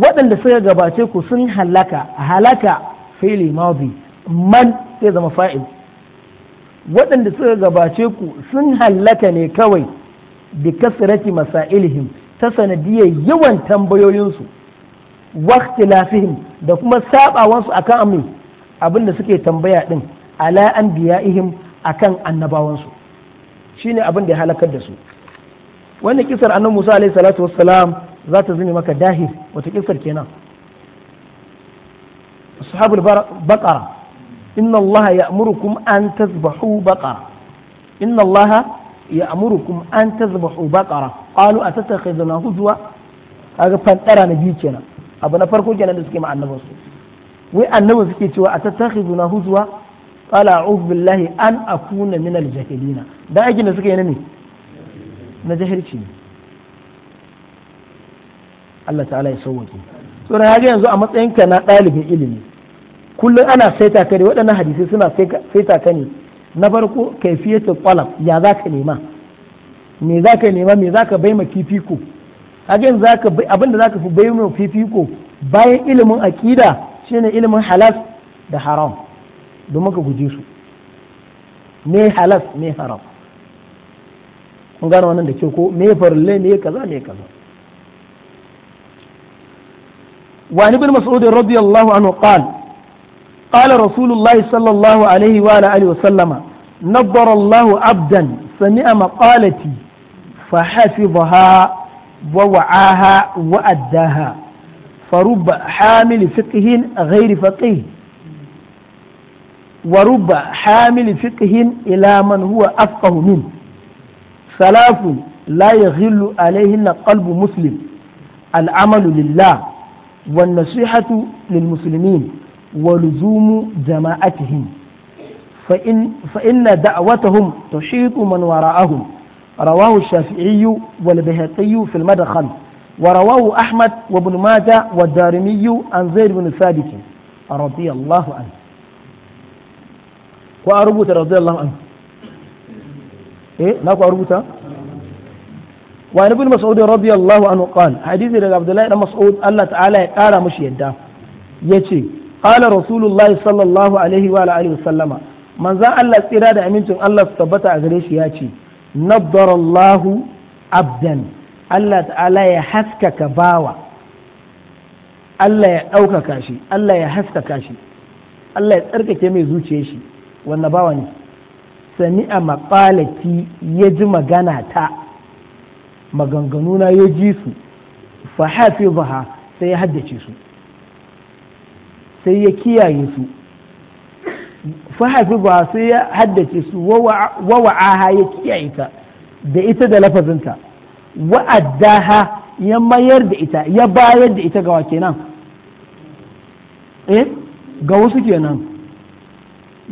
waɗanda suka gabace ku sun halaka halaka fili mawabi man sai zama fa'il waɗanda suka gabace ku sun halaka ne kawai bi kasirati masailihim ta sanadiyar yawan tambayoyinsu lafihim da kuma sabawansu akan amin abinda suke tambaya ɗin ala a kan annabawansu shine abin da ya halakar da su wannan kisar annan Musa alaihi salatu wassalam za ta zame maka dahir wata kisar kenan ashabul baqara inna allaha ya'murukum an tazbahu baqara inna allaha ya'murukum an tazbahu baqara qalu atatakhidhuna huzwa kaga fantara na biyu kenan abu na farko kenan da suke ma annabin su wai annabi suke cewa atatakhidhuna huzwa qala a'udhu billahi an akuna min al-jahilina da aikin da suke yi ne na jahilci ne Allah ta'ala ya sauwake ya haka yanzu a matsayinka na ɗalibin ilimi kullum ana saita ka ne waɗannan hadisai suna saita ka ne na farko kaifiyatu qalab ya za ka nema me za ka nema me za ka baima fifiko haka yanzu abin da za ka fi bai baima fifiko bayan ilimin aƙida shine ilimin halas da haram domin ka guje su ne halas ne haram kun gane wannan da ke ko me farle me kaza me kaza wa ni bin mas'ud radiyallahu anhu qal qala rasulullahi sallallahu alaihi wa ala alihi wa sallama nabbara allah abdan sami'a maqalati fa hafizaha wa wa'aha wa addaha فرب حامل فقه غير فقيه ورب حامل فقه إلى من هو أفقه منه ثلاث لا يغل عليهن قلب مسلم العمل لله والنصيحة للمسلمين ولزوم جماعتهم فإن, فإن دعوتهم تحيط من وراءهم رواه الشافعي والبهقي في المدخل ورواه أحمد وابن ماجه والدارمي عن زيد بن ثابت رضي الله عنه وأربوت رضي الله عنه eh na ku rubuta wa ibn mas'ud radiyallahu anhu qala hadisi daga abdullahi dan mas'ud Allah ya kara mushi yadda yace qala rasulullahi sallallahu alaihi wa sallama manzan Allah tsira da amincin Allah su tabbata a gare shi ya ce nabdarallahu abdan Allah ya haskaka bawa Allah ya ɗaukaka shi Allah ya haskaka shi Allah ya tsarkake mai zuciyar shi bawa ne a maƙalaki ya ji magana ta maganganuna ya ji su fa hafizaha sai ya haddace su sai ya kiyaye su fa hafizaha sai ya haddace su wa aha ya kiyaye ta da ita da lafazinta wa'addaha ya mayar da ita ya bayar da ita ga wa kenan eh ga wasu kenan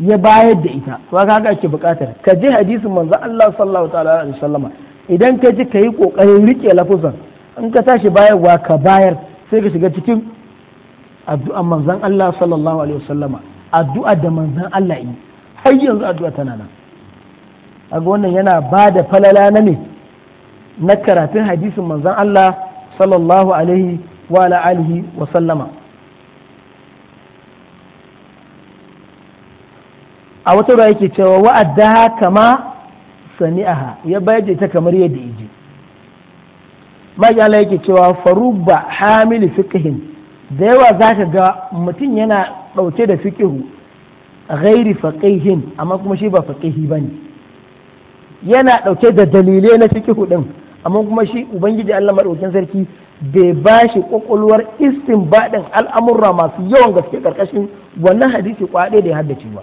ya bayar da ita to haka haka ake bukatar ka ji hadisin manzo Allah sallallahu ta'ala alaihi wasallama idan ka ji kai kokarin rike lafuzan in ka tashi bayarwa ka bayar sai ka shiga cikin addu'a manzon Allah sallallahu alaihi wasallama addu'a da manzon Allah yi har yanzu addu'a tana nan kaga wannan yana ba da falala na ne na karatun hadisin manzon Allah sallallahu alaihi wa alihi wa sallama a wata ruwa yake cewa wa'adda kama ha ya bayar da ita kamar yadda yaji mai Allah yake cewa ba hamili fiqhin da yawa zaka ga mutum yana ɗauke da fiqhu gairi faqihin amma kuma shi ba faqihi bane yana ɗauke da dalilai na fikihu din amma kuma shi ubangiji Allah madaukin sarki bai bashi istin baɗin al'amurra masu yawan gaske ƙarƙashin wannan hadisi kwaɗe da ya haddace ba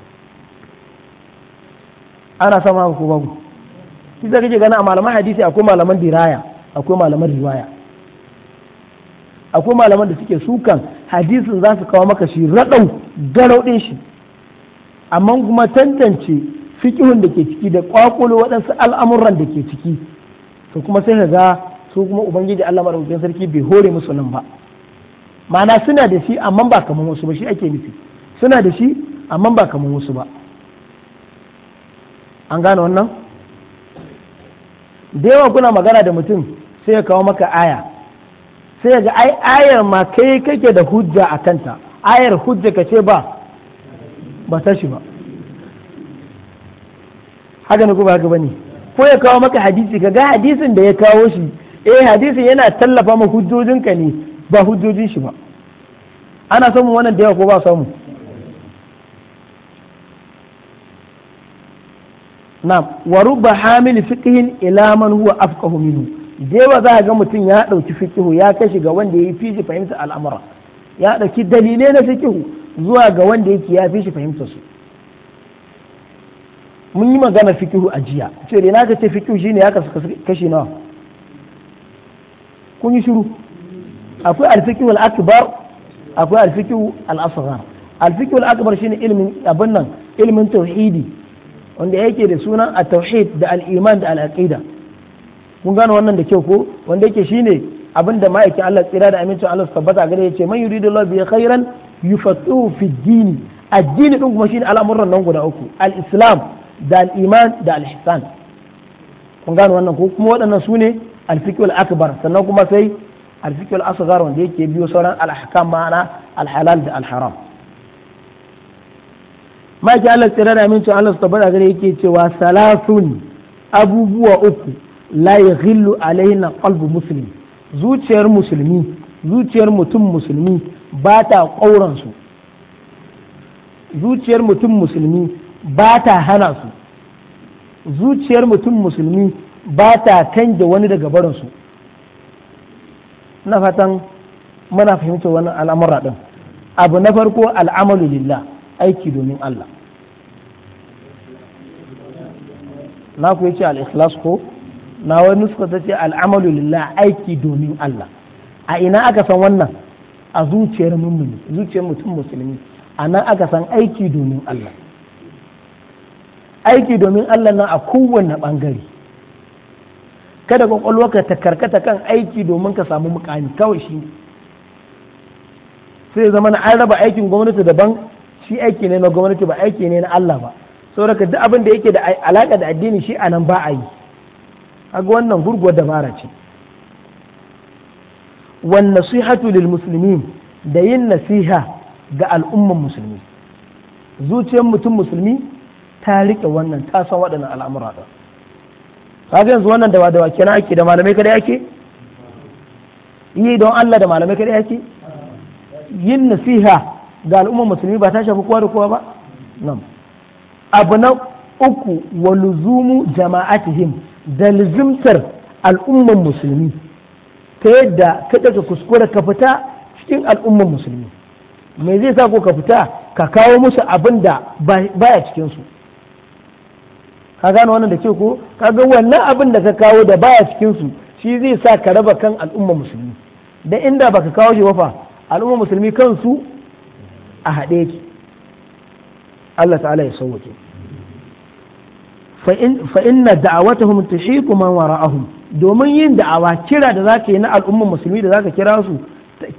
ana sama ko babu shi zai kake gana a malaman hadisi akwai malaman diraya akwai malaman riwaya akwai malaman da suke sukan hadisin za su kawo maka shi raɗau garau ɗin shi amma kuma tantance fikihun da ke ciki da kwakulo waɗansu al'amuran da ke ciki to kuma sai ka ga su kuma ubangiji Allah madaukakin sarki bai hore musu nan ba ma'ana suna da shi amma ba kamar wasu ba shi ake nufi suna da shi amma ba kamar wasu ba an gane wannan da yawa kuna magana da mutum sai ya kawo maka aya sai ga ai ayar ma kai kake da hujja a kanta ayar hujja ka ce ba ba ta shi ba haka ne ko ba haka ne ko ya kawo maka hadisi ka ga hadisin da ya kawo shi eh hadisin yana tallafa ma hujjojinka ne ba hujjojin shi ba ana samun wannan da yawa ko ba samu na'am wa rubba hamil fiqhin ila man huwa afqahu minhu dewa za ga mutum ya dauki fiqhu ya kashi ga wanda yayi fiji fahimta al'amura ya dauki dalilai na fiqhu zuwa ga wanda yake ya fi shi fahimta su mun yi magana fiqhu a jiya ce da na ka ce fiqhu shine ya kashi nawa kun yi shiru akwai alfiqhu al-akbar akwai alfiqhu al-asghar alfiqhu al-akbar shine ilmin abin nan ilmin tauhidi wanda yake da sunan a tauhid da al-iman da al al'aqida kun gano wannan da kyau ko wanda yake shine abin da ma'aikin Allah tsira da amincin Allah su tabbata gare yace ce man Allah bi khairan yufatu fi dini addini din kuma shine al'amuran nan guda uku al-islam da al-iman da al-ihsan kun gano wannan ko kuma waɗannan sune al-fiqh al-akbar sannan kuma sai al-fiqh al-asghar wanda yake biyo sauran al-ahkam ma'ana al-halal da al-haram Ma maki Allah tsira da amincin Allah ta bada gare yake cewa salasun abubuwa uku la yaghillu alaina qalbu muslim zuciyar musulmi zuciyar mutum musulmi ba ta kauran su zuciyar mutum musulmi ba ta hana su zuciyar mutum musulmi ba ta canja wani daga barinsu na fatan muna fahimtar wani al'amura ɗin abu na farko al'amalu lillah aiki domin Allah na ku yace al-ikhlas ko na wani nuska ta ce al'amalu lillah aiki domin Allah a ina aka san wannan a zuciyar mummuni zuciyar mutum musulmi a nan aka san aiki domin Allah aiki domin Allah na a kowane ɓangare kada kwakwalwarka ta karkata kan aiki domin ka samu mukami kawai shi sai zama na an raba aikin gwamnati daban shi aiki ne na gwamnati ba aiki ne na Allah ba saboda duk abin da yake da alaka da addini shi a nan ba a yi kaga wannan gurguwar dabara ce wan nasihatu lil muslimin da yin nasiha ga al'umman musulmi zuciyar mutum musulmi ta rike wannan ta san waɗannan al'amura da, kaga yanzu wannan dawa dawa kenan ake da malamai kada yake, yi don Allah da malamai kada yake, yin nasiha ga al'ummar musulmi ba ta shafi kowa da kowa ba nan abu na uku wa luzumu jama'atihim da luzumtar al'ummar musulmi ta yadda ka daga kuskure ka fita cikin al'ummar musulmi mai zai sa ko ka fita ka kawo musu abin da baya cikin su ka gane wannan da ke ko Ka ga wannan abin da ka kawo da baya cikin su shi zai sa ka raba kan al'ummar musulmi da inda baka kawo shi wafa al'ummar musulmi kansu a haɗe ki Allah ta'ala ya sauwake fa inna da'awatuhum tushiku man wara'ahum domin yin da'awa kira da zaka yi na al'umman musulmi da zaka kira su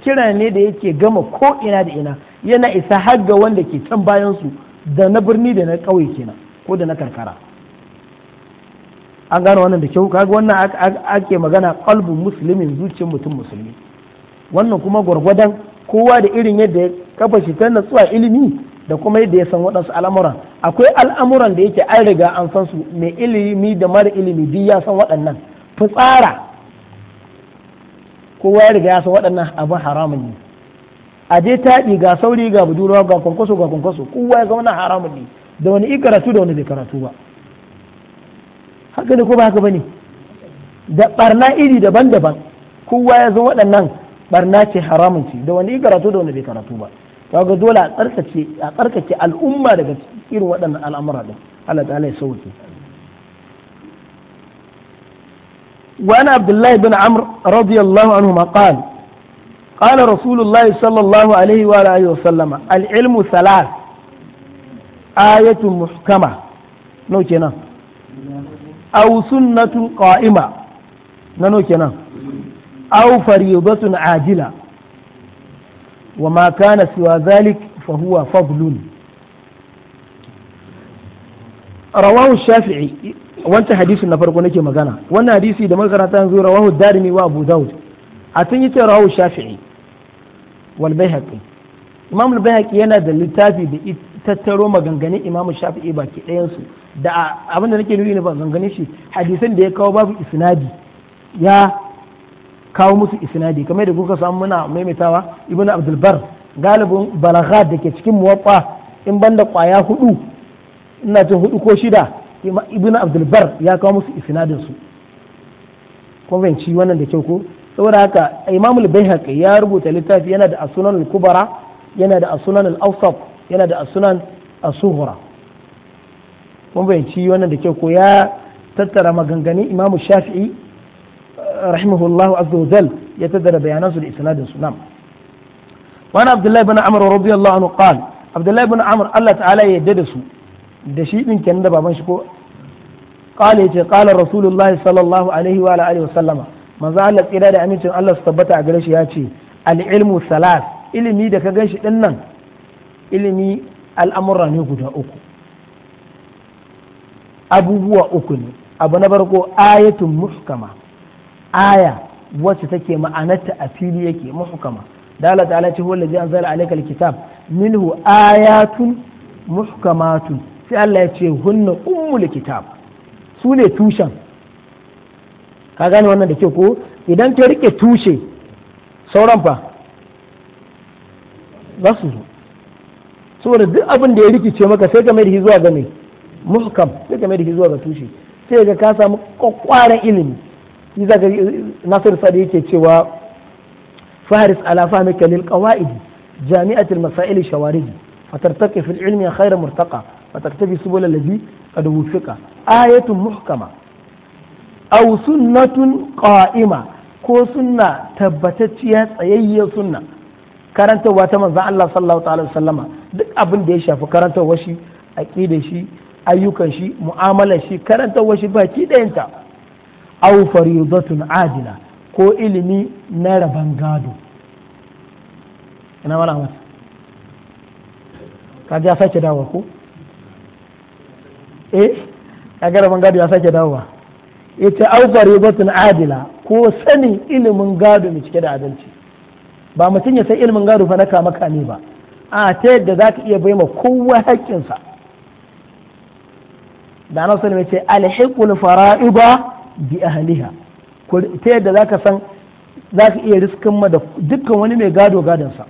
kira ne da yake gama ko ina da ina yana isa har ga wanda ke can bayan su da na birni da na ƙauye kenan ko da na karkara an gano wannan da kyau kaga wannan ake magana qalbu muslimin zuciyar mutum musulmi wannan kuma gwargwadon kowa da irin yadda kafa shi ta natsuwa ilimi da kuma yadda ya san waɗansu al'amuran akwai al'amuran da yake an riga an san su mai ilimi da mara ilimi duk ya san waɗannan fitsara kowa ya riga ya san waɗannan abin haramun ne a je taɗi ga sauri ga budurwa ga kwankwaso ga kwankwaso kowa ya zauna haramun ne da wani i karatu da wani bai karatu ba haka ne ko ba haka ne da barna iri daban-daban kowa ya zama waɗannan barna ce haramun ce da wani i karatu da wani bai karatu ba kaga dole a tsarkake a tsarkake al'umma daga irin waɗannan al'amura din Allah ta'ala ya sauke wa ana abdullahi bin amr radiyallahu anhu ma qala qala rasulullahi sallallahu alaihi wa alihi wa sallama al-ilmu salat ayatun muhkama no kenan aw sunnatun qa'ima na no kenan aw fariyatun ajila wa ma kana siwa zalik fa huwa fadlun rawahu shafi'i wancan hadisin na farko nake magana wannan hadisi da makaranta yanzu rawahu darimi wa abu daud a tun yace rawahu shafi'i wal baihaqi imam al yana da littafi da tattaro maganganun imam shafi'i baki ɗayansu da abin da nake nuni ba ganganin shi hadisan da ya kawo babu isnadi ya kawo musu isnadi kamar da kuka samu muna maimaitawa ibnu abdul bar galibin balagha da ke cikin muwaffa in banda kwaya hudu ina jin hudu ko shida ibnu abdul bar ya kawo musu isnadin su kun wannan da kyau ko saboda haka imam al-baihaqi ya rubuta littafi yana da as-sunan al-kubra yana da as-sunan al-awsat yana da as-sunan as-sughra kun wannan da kyau ko ya tattara maganganun imam shafi'i rahimahullahu azza wa jal ya tattara bayanan su da isnadin su nam wani abdullahi bin amr radiyallahu Allah ta'ala ya yarda da su da shi din da baban shi ko qala yace qala rasulullahi sallallahu alaihi wa alihi wa sallama manzo Allah tsira da amincin Allah su tabbata a gare shi ya ce al ilmu salas ilimi da ka gan shi din nan ilimi al'amura guda uku abubuwa uku ne abu na farko ayatun muhkama aya wacce take ma'anarta a fili yake muhkama da ta ta'ala huwa allazi anzala alayka alkitab minhu ayatun muhkamatun sai Allah ya ce hunna ummul kitab su ne tushen ka gane wannan da ke ko idan ka rike tushe sauran fa za su zo saboda duk abin da ya rikice maka sai ka mai da zuwa ga mai muhkam sai ka mai da zuwa ga tushe sai ka ka samu kwakwaran ilimi shi zaka nasir sadi yake cewa faris ala fahmika lil qawaid jami'at al masail shawarij fatartaqi fil ilmi khayra murtaqa fataktabi subul alladhi qad wufiqa ayatun muhkama aw sunnatun qa'ima ko sunna tabbatacciya tsayayyar sunna karantarwa ta manzon Allah sallallahu alaihi wasallama duk abin da ya shafi karantarwa shi aqidar shi ayyukan shi mu'amalar shi karantarwa shi baki ɗayanta aw faridatun ajila ko ilimi na raban gado ina mana amata kaga ya sake dawa ko eh kaga raban gado ya sake dawa yace aw faridatun ajila ko sanin ilimin gado mai cike da adalci ba mutum ya san ilimin gado fa na kama kame ba a ta yadda za ka iya bai ma kowa haƙƙinsa da na sani mai ce alhiqul fara'iba bi ahliha ta yadda zaka san zaka iya riskan ma da dukkan wani mai gado gadon sa,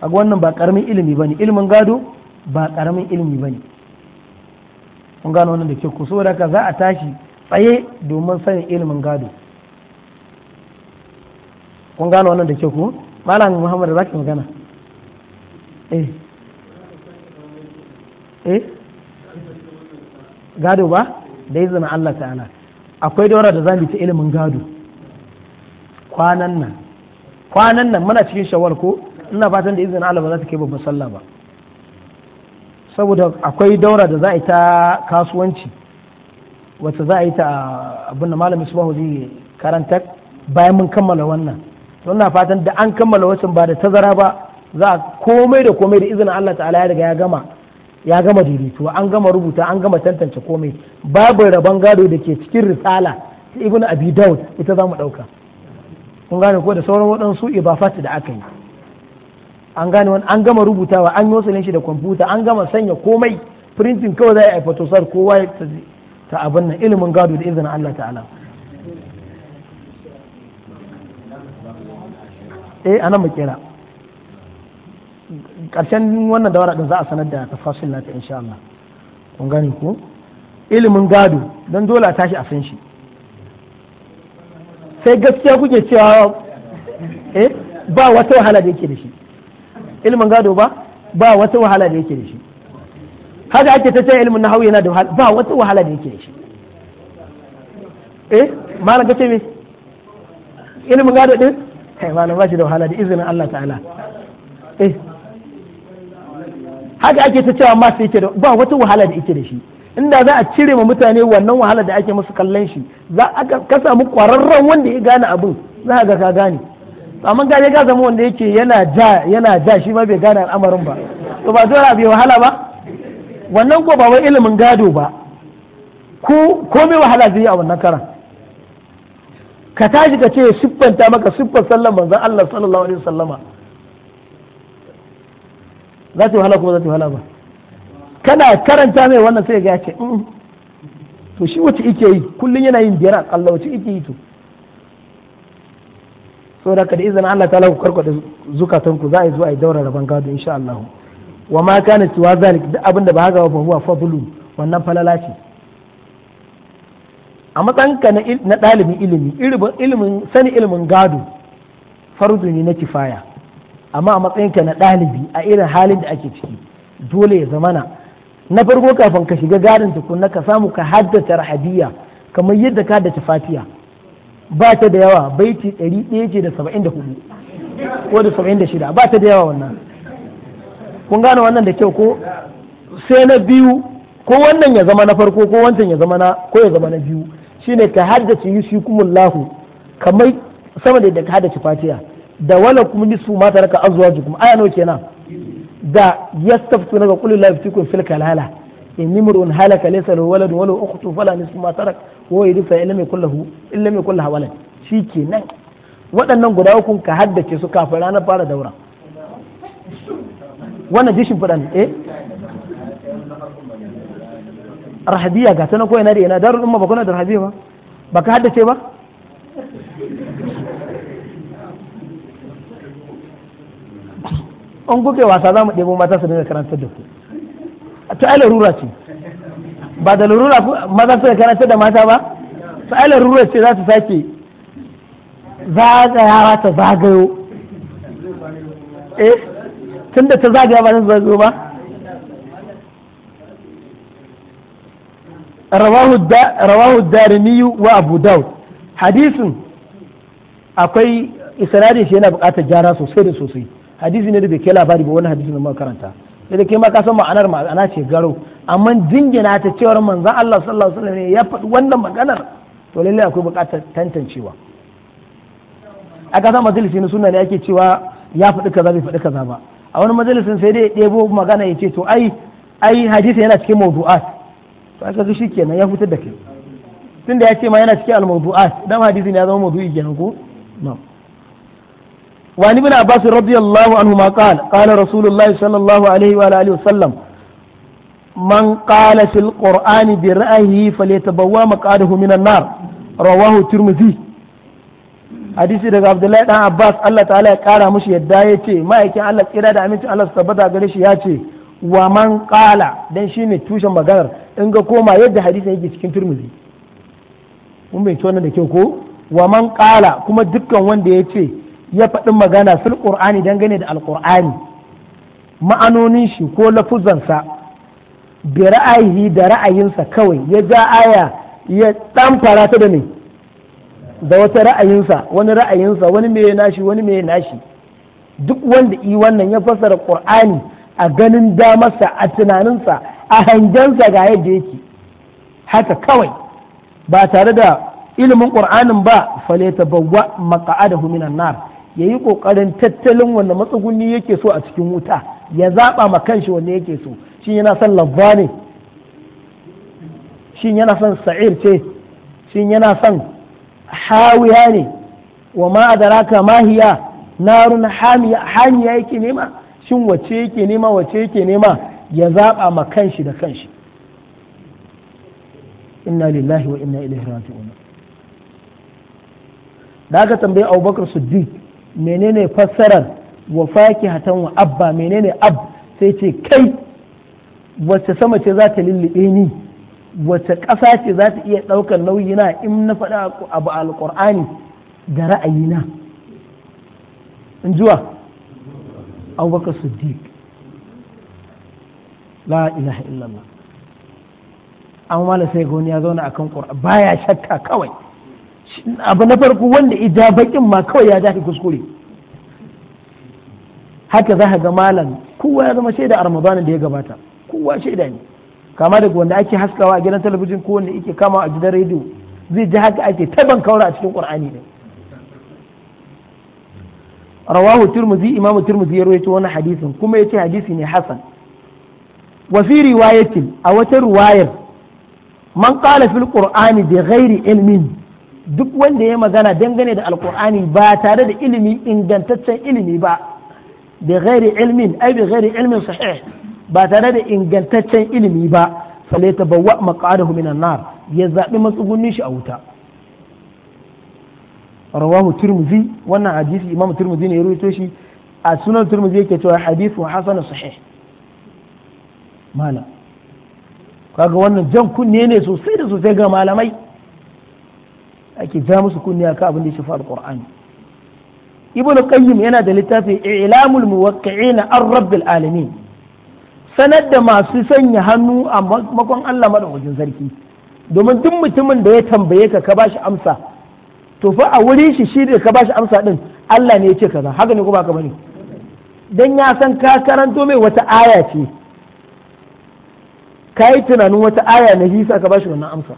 a wannan ba karamin ilimi bane ilimin gado ba karamin ilimi bane kun gano wannan da ke ku da ka za a tashi tsaye domin sanin ilimin gado kun gano wannan da ke ku malamin muhammad za ka magana eh eh gado ba da izinin Allah ta'ala akwai daura da mu ta ilimin gado kwanan nan kwanan nan muna cikin shawar ko ina fatan da izinin Allah ba za ta kai babban sallah ba saboda akwai daura da za a yi ta kasuwanci wacce za a yi ta abin da malamin su bahu zai karanta bayan mun kammala wannan don na fatan da an kammala wacin ba da tazara ba za a komai da komai da izinin Allah ta'ala ya riga ya gama ya gama daidaituwa an gama rubuta an gama tantance komai babu rabon gado da ke cikin risala ta ibn abi daud ita za mu ɗauka kun gane ko da sauran waɗansu ibafat da aka yi an gane wani an gama rubutawa an yi wasu shi da kwamfuta an gama sanya komai printing kawai za a yi photosar kowa ta abin nan ilimin gado da izinin Allah ta'ala
eh ana mu kira
karshen wannan daura din za a sanar da tafasil nata insha Allah kun gani ko ilimin gado don dole a tashi a san shi sai gaskiya kuke cewa eh ba wata wahala da yake da shi ilimin gado ba ba wata wahala da yake da shi haka ake ta ce ilimin nahawi yana da wahala ba wata wahala da yake da shi eh malam kace me ilimin gado din kai malam ba shi da wahala da izinin Allah ta'ala eh haka ake ta cewa masu yake da ba wata wahala da yake da shi inda za a cire ma mutane wannan wahala da ake musu kallon shi za a ka samu kwararren wanda ya gane abin za a ga ka gane amma ka ka zama wanda yake yana ja yana ja shi ma bai gane al'amarin ba to ba dole bai wahala ba wannan ko ba wai ilimin gado ba ko me wahala zai yi a wannan karan ka tashi ka ce siffanta maka siffar sallan manzon Allah sallallahu alaihi wasallama za ta wahala kuma za ta wahala ba kana karanta mai wannan sai ya ce to shi wacce ike yi kullum yana yin biyar akalla wacce ike yi to da ka da izinin Allah ta ku zukatan zukatanku za a yi zuwa a yi daura rabon gado insha Allah wa ma kana cewa zalik duk abin da ba haka ba huwa fadlu wannan falala ce a matsanka na ɗalibin ilimi ilimin sani ilimin gado farudu ne na kifaya amma a matsayinka na ɗalibi a irin halin da ake ciki dole ya zamana na farko kafin ka shiga garin tukunna ka samu ka haddace rahabiyya kamar yadda ka haddace fatiya ba ta da yawa baiti ɗari ɗaya ce da saba'in da hudu ko da saba'in da shida ba ta da yawa wannan kun gane wannan da kyau ko sai na biyu ko wannan ya zama na farko ko wancan ya zama na ko ya zama na biyu shine ka haddace yusikumullahu kamar sama da yadda ka haddace fatiya da wala kuma nisu mata raka azwajukum aya nawa kenan da yastaftu ga qul la yaftikum fil kalala in murun halaka laysa lahu waladun wala ukhtu fala nisu ma tarak wa yadu fa illam yakul lahu illam yakul lahu walad shikenan waɗannan guda uku ka haddace su kafin ranar fara daura
wannan jishin fadan eh
rahabiya ga tana na koyi da yana darul umma ba kuna da rahabiya ba baka haddace ba an kuke wasa za mu ɗebo mata su daga karantar da ku
ta ai larura ce ba da larura
maza su karanta da mata ba ta ai larura ce za su sake zagayawa ta zagayo eh tun da ta zagaya ba ta zagayo ba rawahu darimi wa abu daud hadisin akwai isra'ili shi yana bukatar gyara sosai da sosai hadisi ne da bai kai labari ba wani hadisi ne muka karanta sai da kai ma ka san ma'anar ma'ana ce garo amma jingina ta cewar manzon Allah sallallahu alaihi wasallam ya faɗi wannan maganar to lallai akwai buƙatar tantancewa a san majalisi ne sunna ne ake cewa ya faɗi kaza bai faɗi kaza ba a wani majalisin sai dai ɗebo magana ya ce to ai ai hadisi yana cikin mawdu'at to aka ga shikenan ya fitar da kai tunda ya ce ma yana cikin al-mawdu'at dan hadisi ne ya zama mawdu'i kenan ko na'am وعن ابن عباس رضي الله عنهما قال قال رسول الله صلى الله عليه وآله وسلم من قال في القرآن برأيه فليتبوى مقعده من النار رواه الترمذي hadisi daga abdullahi dan abbas allah ta'ala ya kara mushi yadda ya ce ma'aikin allah tsira da amincin allah su tabbata gare ya ce wa man kala dan shine tushen maganar in ga koma yadda hadisi yake cikin turmuzi mun bai wannan da kyau ko wa man kala kuma dukkan wanda ya ce ya faɗin magana fil qur'ani dangane da alqur'ani ma'anonin shi ko lafuzansa bi ra'ayi da ra'ayinsa kawai ya ja aya ya dan farata da ne da wata ra'ayinsa wani ra'ayinsa wani me nashi wani me nashi duk wanda i wannan ya fassara qur'ani a ganin damarsa a tunaninsa a hangensa ga yadda yake haka kawai ba tare da ilimin qur'anin ba faleta bawa maka'adahu minan nar ya yi ƙoƙarin tattalin wanda matsuguni yake so a cikin wuta ya zaɓa ma kanshi wanne yake so shi yana son labba ne shi yana son sa'ir ce shi yana son hawiya ne wa ma adaraka mahiya narun hamiya yake nema shin wace yake nema wace yake nema ya zaɓa ma kanshi da kanshi inna lillahi wa inna ilaihi raji'un da aka tambayi abubakar siddiq menene fassarar wa hatan wa abba menene ab sai ce kai wacce sama ce za ta lullube ni wacce ƙasa ce za ta iya ɗaukar nauyina in na faɗa abu alƙur'ani da ra'ayina in jiwa abubakar siddiq la ilaha illallah amma mala sai goni ya zauna akan ƙur'ani baya shakka kawai abu na farko wanda ija bakin ma kawai ya dafi kuskure haka za ka ga malam kowa ya zama shaida a ramadanin da ya gabata kowa shaida ne kama daga wanda ake haskawa a gidan talabijin ko wanda ake kama a gidan rediyo zai ji haka ake taban kaura a cikin qur'ani ne rawahu turmuzi imamu turmuzi ya rawaito wannan hadisin kuma yace hadisi ne hasan wa fi riwayatin a wata riwayar man qala fil qur'ani bi ghairi ilmin duk wanda ya magana dangane da alkur'ani ba tare da ilimi ingantaccen ilimi ba da ghairi ilmin ai bi ghairi ilmin sahih ba tare da ingantaccen ilimi ba fale ta bawa maqadahu minan nar ya zabi matsugunni shi a wuta rawahu turmuzi wannan hadisi imam turmuzi ne ya shi a sunan turmuzi yake cewa hadithu hasan sahih mala kaga wannan jan kunne ne sosai da sosai ga malamai ake ja musu kunya ka abin da ya shafi alqur'ani ibn qayyim yana da littafi i'lamul muwaqqi'in ar-rabbil alamin sanar da masu sanya hannu a makon Allah madaukakin sarki domin duk mutumin da ya tambaye ka ka bashi amsa to fa a wuri shi shi da ka bashi amsa din Allah ne ya ce kaza haka ne ko ba ka bane dan ya san ka karanto mai wata aya ce kai tunanin wata aya na shi sa ka bashi wannan amsa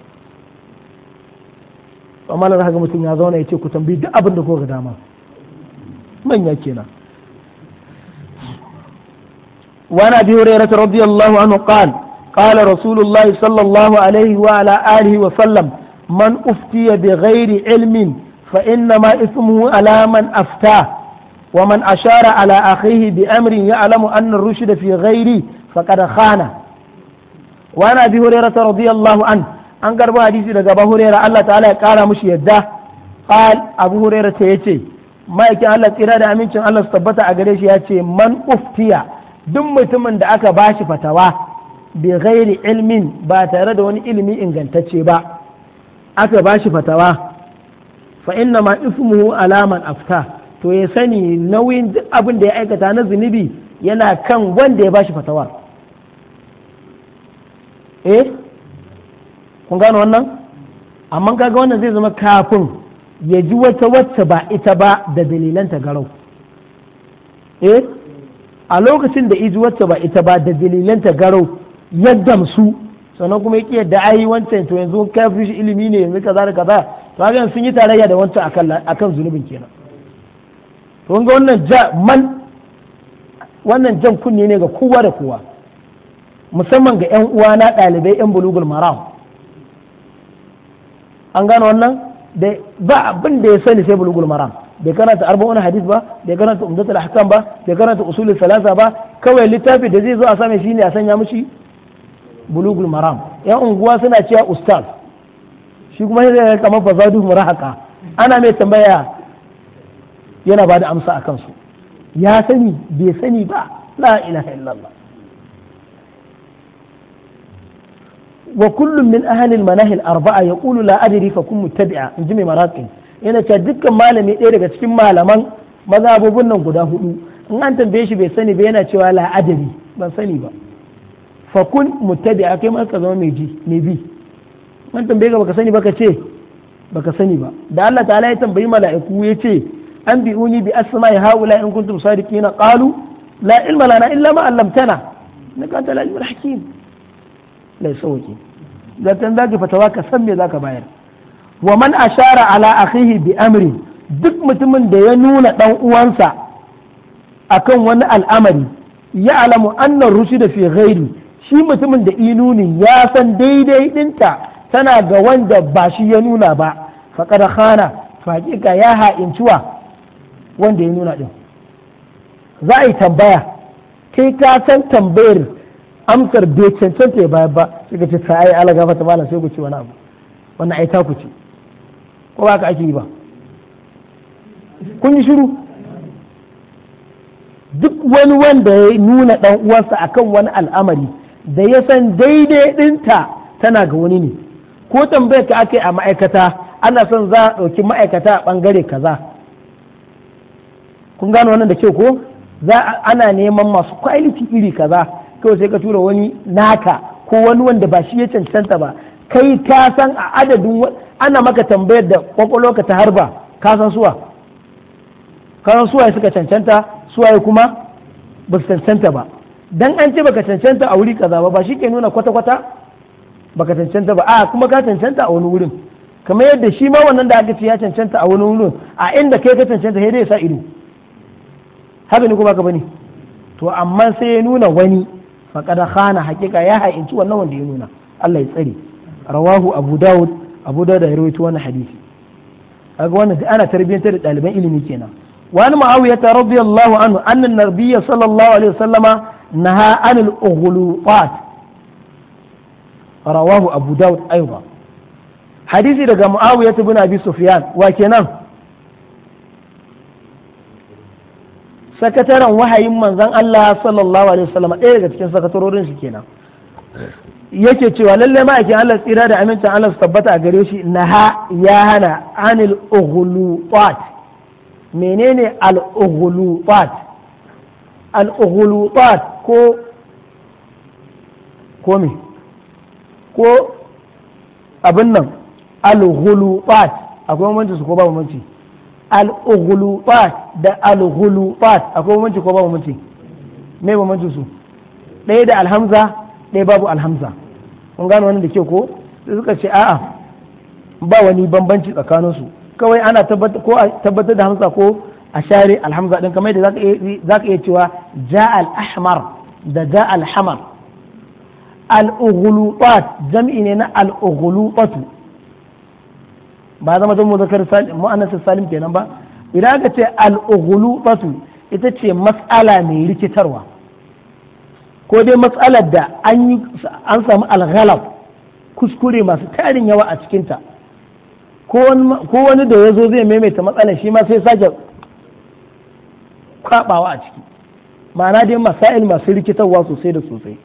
amma da ga mutum ya zauna ya ce ku tambayi duk abin da ko ga dama manya kenan وعن ابي هريره رضي الله عنه قال قال رسول الله صلى الله عليه وعلى اله وسلم من افتي بغير علم فانما اثمه على من افتاه ومن اشار على اخيه بامر يعلم ان الرشد في غيره فقد خانه وعن ابي هريره رضي الله عنه an garba hadisi daga Abu Hurairah Allah ta'ala ya kara mushi yadda qal Abu Hurairah ta yace ma'aikin Allah tsira da amincin Allah su tabbata a gare shi yace man uftiya duk mutumin da aka bashi fatawa bi ghairi ilmin ba tare da wani ilimi ingantacce ba aka bashi fatawa fa inna ma ismuhu alaman afta to ya sani nauyin duk abin da ya aikata na zunubi yana kan wanda ya bashi fatawar eh kun gano wannan amma kaga wannan zai zama kafin ya ji wata wacce ba ita ba da dalilanta garau eh a lokacin da iji wacce ba ita ba da dalilanta garau ya gamsu sannan kuma ya yadda ai wancan to yanzu kafin shi ilimi ne yanzu kaza da kaza to haka sun yi tarayya da wancan akan akan zunubin kenan to ga wannan ja man wannan jan kunne ne ga kowa da kowa musamman ga yan uwa na ɗalibai yan bulugul maram an gano wannan da ba abin da ya sani sai bulugul maram bai karanta arba'un hadith ba bai karanta umdatul ahkam ba bai karanta usulul salasa ba kawai littafi da zai zo a same shi ne a sanya mishi bulugul maram yan unguwa suna cewa ustaz shi kuma yana kamar fasadu murahaka ana mai tambaya yana ba da amsa a kansu ya sani bai sani ba la ilaha illallah wa kullum min ahalil manahil arba'a ya qulu la adri fa kun muttabi'a yana cewa dukkan malami ɗaya daga cikin malaman mazhabobin nan guda hudu in an tambaye shi bai sani ba yana cewa la adri ban sani ba fa kun muttabi'a kai ka zama mai ji mai bi an tambaye ka baka sani ba ka ce baka sani ba da Allah ta'ala ya tambayi mala'iku ya ce an bi uni bi asma'i haula in kuntum sadiqina qalu la ilma lana illa ma 'allamtana innaka antal alimul hakim Allah ya sauke za zaki fatawa ka san me zaka bayar wa man ashara ala akhihi bi amri duk mutumin da ya nuna dan uwansa akan wani al'amari ya alamu rushi da fi ghairi shi mutumin da inunin ya san daidai dinta tana ga wanda ba shi ya nuna ba faqad khana faqiqa ya ha'inciwa wanda ya nuna din za a yi tambaya kai ka san tambayar amsar bai cancanta ya bayar ba sai ka ce ta ai ala gafa ta malam sai ku ce wani abu wannan ai taku ce ko ba ka ake yi ba kun yi shiru duk wani wanda ya nuna dan uwansa akan wani al'amari da ya san daidai dinta tana ga wani ne ko tambayar ka ake a ma'aikata ana son za a ɗauki ma'aikata a ɓangare kaza kun gano wannan da kyau ko za ana neman masu kwaliti iri kaza kawai sai ka tura wani naka ko wani wanda ba shi ya cancanta ba kai ka san a adadin ana maka tambayar da ka ta harba ka san suwa ka san suwaye suka cancanta suwaye kuma ba su cancanta ba dan an ce baka cancanta a wuri kaza ba ba shi ke nuna kwata-kwata baka cancanta ba a kuma ka cancanta a wani wurin kamar yadda shi ma wannan da aka ce ya cancanta a wani wurin a inda kai ka cancanta sai dai ya sa ido haka ne kuma ka bani to amma sai ya nuna wani فقد خان حقيقه ya ha'inci wannan wanda ya nuna Allah ya tsare rawahu abu Dawud, abu Dawud da rawaito wannan hadisi kaga wannan da ana tarbiyantar da daliban ilimi kenan وعن معاوية رضي الله عنه أن النبي صلى الله عليه وسلم نهى عن الأغلوطات رواه Abu داود أيضا Hadisi daga معاوية بن أبي سفيان وكنان sakataren wahayin manzon Allah sallallahu alaihi wasallam ɗaya daga cikin sakatarorin shi kenan yake cewa lalle ma'aikin Allah tsira da amincin Allah su tabbata a gare shi na ha ya hana anil ughulutat menene al ughulutat al ughulutat ko ko me ko abin nan al ughulutat akwai mamanci su ko ba mamanci al da al akwai bambanci ko ba bambanci me bambancin su ɗaya da alhamza ɗaya babu alhamza kun gano wani da ke ko suka ce a'a ba wani bambanci tsakaninsu kawai ana tabbatar da hamza ko a share alhamza ɗin kamar yadda zaka iya cewa ja al-ahmar da ja al-hamar al jam'i ne na al ba zama zan muzakar mu'annas salim kenan ba idan aka ce al batu ita ce mas'ala mai rikitarwa ko dai matsalar da an samu alghalab kuskure masu tarin yawa a cikinta ko wani da ya zai maimaita matsalar shi ma sai sake kwabawa a ciki ma'ana dai masail masu rikitarwa sosai da sosai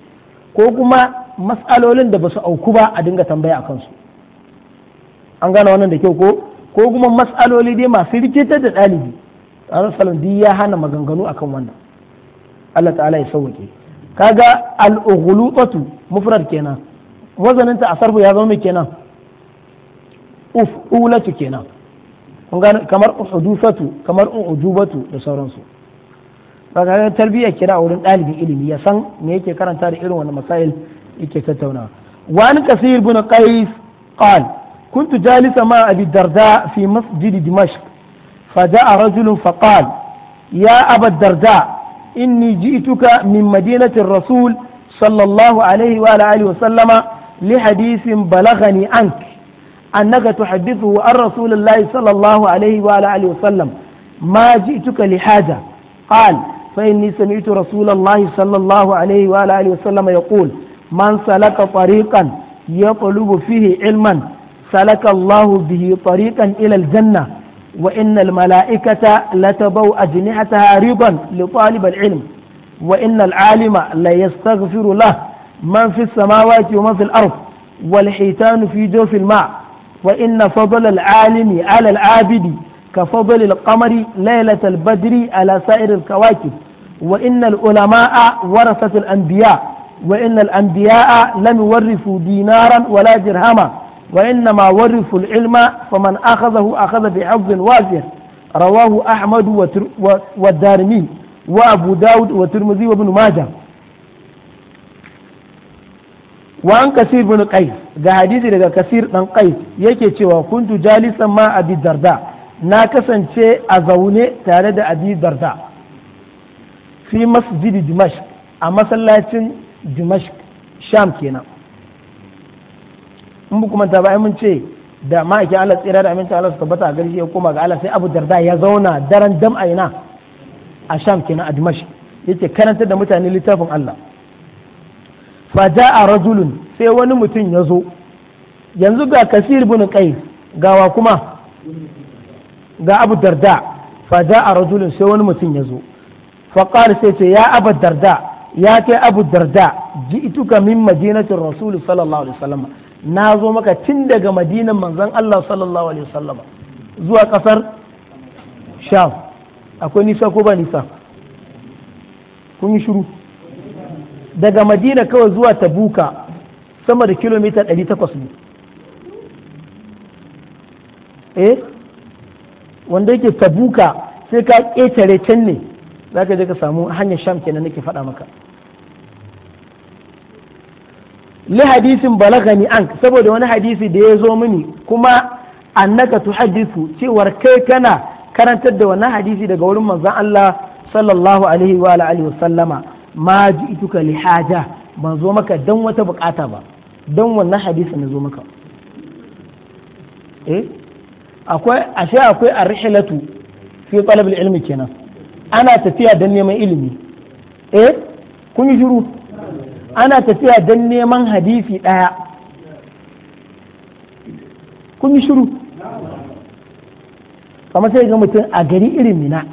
ko kuma matsalolin da ba su auku ba a dinga tambaya a kansu an gane wannan da kyau ko ko kuma matsaloli dai masu rikitar da ɗalibi salon duk ya hana maganganu akan wannan Allah ta'ala ya sauke kaga al mufrad kenan wazaninta a sarfu ya zama kenan ulatu kenan kun gane kamar uhudufatu kamar da sauransu kaga ga tarbiyya kira a wurin ɗalibin ilimi ya san me yake karanta da irin wannan masail yake tattauna wani kasir bin qais qala كنت جالسا مع أبي الدرداء في مسجد دمشق فجاء رجل فقال يا أبا الدرداء إني جئتك من مدينة الرسول صلى الله عليه وعلى آله وسلم لحديث بلغني عنك أنك تحدثه عن رسول الله صلى الله عليه وعلى آله وسلم ما جئتك لحاجة قال فإني سمعت رسول الله صلى الله عليه وعلى آله وسلم يقول من سلك طريقا يطلب فيه علما salaka Allahu bihi tariqan ila aljanna wa innal mala'ikata latabau ajnihataha riban li talib al-ilm wa innal alima la yastaghfiru lahu man fi samawati wa man fi al-ard wal hitanu fi jawfi al-ma' wa inna fadla al-alimi ala al-abidi ka fadli al-qamari laylat al-badri ala sa'ir al-kawakib وإن العلماء ورثة الأنبياء وإن الأنبياء لم يورثوا dinaran wala درهما وإنما ورثوا العلم فمن أخذه أخذ بحظ وافر رواه أحمد والدارمي وأبو داود والترمذي وابن ماجه وعن كثير بن قيس ده حديث لك كثير بن قيس يكي cewa كنت جالسا مع أبي الدرداء ناكسا kasance أزوني تارد أبي الدرداء في مسجد دمشق masjidi dimashq a masallacin dimashq in ba kuma ta mun ce da ma'aikin Allah tsira da aminta Allah su tabbata a gari ya koma ga Allah sai Abu Darda ya zauna daren dam a ina a Sham kenan a Dimash yake karantar da mutane littafin Allah fa ja'a rajulun sai wani mutum ya zo yanzu ga Kasir bin Qais gawa kuma ga Abu Darda fa ja'a rajulun sai wani mutum ya zo fa qala sai ce ya Abu Darda ya kai Abu Darda ji'tuka min madinatir Rasul sallallahu alaihi wasallam na zo maka tun daga madinan manzan Allah sallallahu alaihi wasallama zuwa ƙasar sham akwai nisa ko ba nisa kun yi shuru daga madina kawai zuwa tabuka sama da kilomita 800 ne eh wanda yake tabuka sai ka ƙetare can ne za ka je ka samu hanyar sham kenan nake faɗa maka li hadisin balagani an saboda wani hadisi da ya zo mini kuma annaka tuhaddisu cewar kai kana karantar da wannan hadisi daga wurin manzon Allah sallallahu alaihi wa alihi wa sallama ma ji'tuka li haja ban zo maka dan wata bukata ba dan wannan hadisi na zo maka eh akwai ashe akwai arhilatu fi talab ilmi kenan ana tafiya dan neman ilimi eh kun yi shiru ana tafiya don neman hadisi ɗaya kun yi shiru kamar sai ga mutum a gari irin mina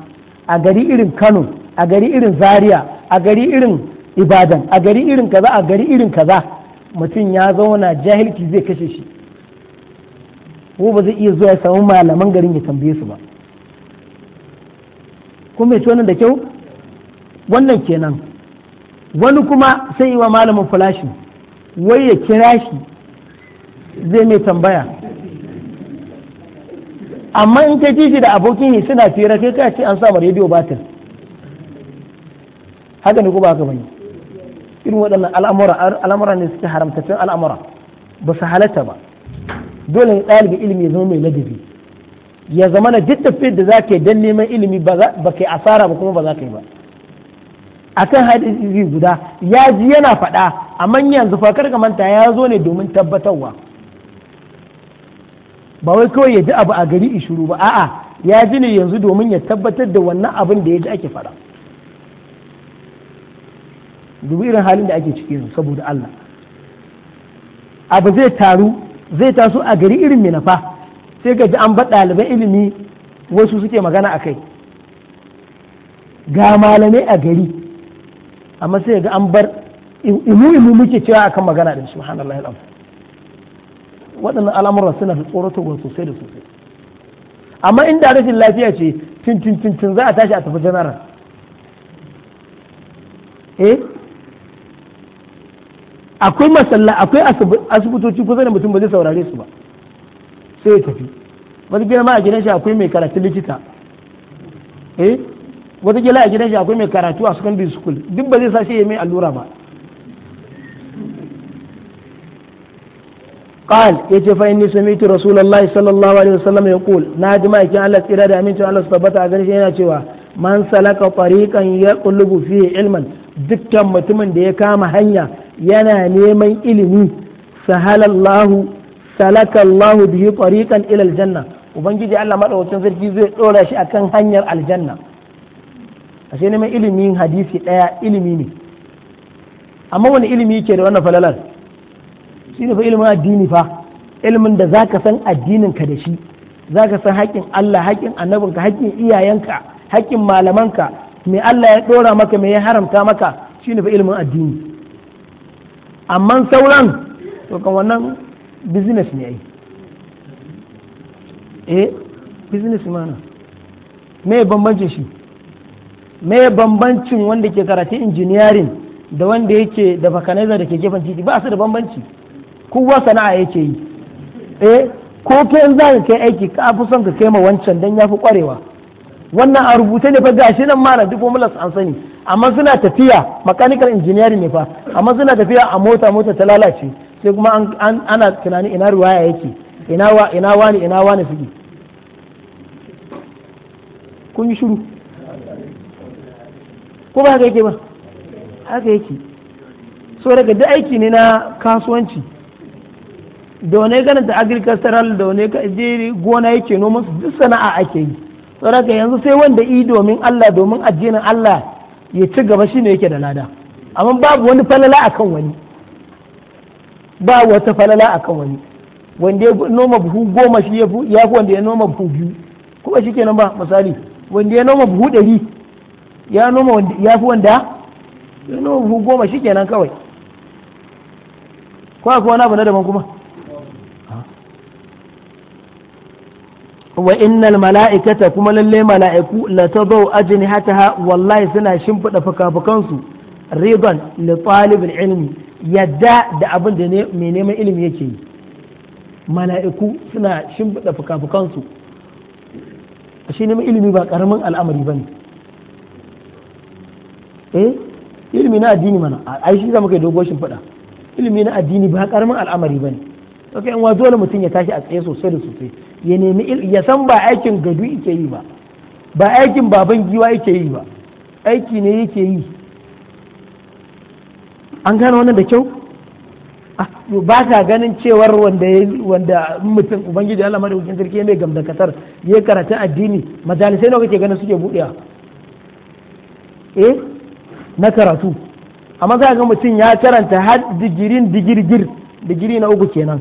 a gari irin kano a gari irin zaria a gari irin ibadan a gari irin kaza a gari irin kaza mutum ya zauna jahilci zai kashe shi ko ba zai iya zuwa ya samu malaman garin ya tambaye su ba Kuma ya bai wannan da kyau wannan kenan wani kuma sai yi wa malamin fulashi wai ya kira shi zai mai tambaya amma in ka jiji da abokin yi suna fira kai ka ce an samu rediyo batir haka ne ko ba haka bane irin waɗannan al'amura al'amura ne suke haramtaccen al'amura ba su halatta ba dole ne ɗalibi ilimi ya zama mai ladabi ya zama na duk da za ka yi don neman ilimi ba ka asara ba kuma ba za ka yi ba akan hadisi guda ya ji yana faɗa amma yanzu fa ka manta ya zo ne domin tabbatarwa ba wai kawai ya ji abu a gari ishuru ba a'a ya ji ne yanzu domin ya tabbatar da wannan abin da ya ji ake faɗa dubu irin halin da ake ciki yanzu saboda Allah abu zai taru zai taso a gari irin mai nafa sai ka ji an ba ɗaliban ilimi wasu suke magana a kai ga malamai a gari amma sai ga an bar imu imu muke cewa akan magana din subhanallahi alazim waɗannan al'amuran suna da tsorotarwa sosai da sosai amma inda rashin lafiya ce tun tun tun za a tashi a tafi janara. eh akwai masalla akwai asibitoci kusa da mutum ba zai saurare su ba sai ya tafi wani ma a gidan shi akwai mai karatun likita eh wata gila a gidan shi akwai mai karatu a secondary school duk ba zai sa sai ya mai allura ba قال يتي فاني سميت رسول الله صلى الله عليه وسلم يقول نادم ما كان الله استرادا من شاء الله ثبت اذن شي yana cewa man salaka tariqan yaqlubu fi ilman dukkan mutumin da ya kama hanya yana neman ilimi sahala Allah salaka Allah bi tariqan ubangiji Allah madaukakin sarki zai ɗora shi akan hanyar aljanna ashe neman ilimin hadisi ɗaya ilimi ne amma wani ilimi ke da wannan falalar shi ne fa ilimin addini fa ilimin da za ka san addininka da shi za ka san haƙƙin Allah haƙƙin annabinka haƙƙin iyayenka haƙƙin malamanka me Allah ya ɗora maka me ya haramta maka shi ne fa ilimin addini amma sauran to kan wannan business ne ai eh business mana me bambance shi me bambancin wanda ke karatun injiniyarin da wanda yake da bakanaiza da ke gefen titi ba su da bambanci kowa sana'a yake yi E, ko kai za ka kai aiki ka fi son ka kai ma wancan dan fi kwarewa wannan a rubuta ne fa gashi nan ma duk formulas an sani amma suna tafiya mechanical injiniyarin ne fa amma suna tafiya a mota mota ta lalace sai kuma ana tunanin ina ya yake ina wani ina wani suke kun yi shiru ko ba haka yake ba haka yake so daga duk aiki ne na kasuwanci da wani karanta agricultural da wani je gona yake noma su duk sana'a ake yi daga yanzu sai wanda yi domin Allah domin addinin Allah ya ci gaba shine yake da lada amma babu wani falala akan wani ba wata falala akan wani wanda ya noma buhu goma shi ya fi wanda ya noma buhu biyu kuma shi kenan ba misali wanda ya noma buhu ɗari ya noma ya fi wanda ya noma buhu goma shi kenan kawai ko akwai wani abu na daban kuma wa innal mala'ikata kuma lalle mala'iku la hata ajnihataha wallahi suna shimfida fukafukansu riban li talibul ilmi yadda da abin da mai neman ilimi yake yi mala'iku suna shimfida fukafukansu shi neman ilimi ba karamin al'amari bane eh ilimi na addini mana ai shi zama kai dogo shin fada ilimi na addini ba karamin al'amari bane okay in wa dole mutum ya tashi a tsaye sosai da sosai ya nemi ya san ba aikin gadu yake yi ba ba aikin baban giwa yake yi ba aiki ne yake yi an gane wannan da kyau ba ka ganin cewar wanda wanda mutum ubangiji Allah madaukakin sarki mai gamdakatar ya karatu addini majalisai nawa kake ganin suke buɗewa eh na karatu amma za ga mutum ya karanta har digirin digirgir digiri na uku kenan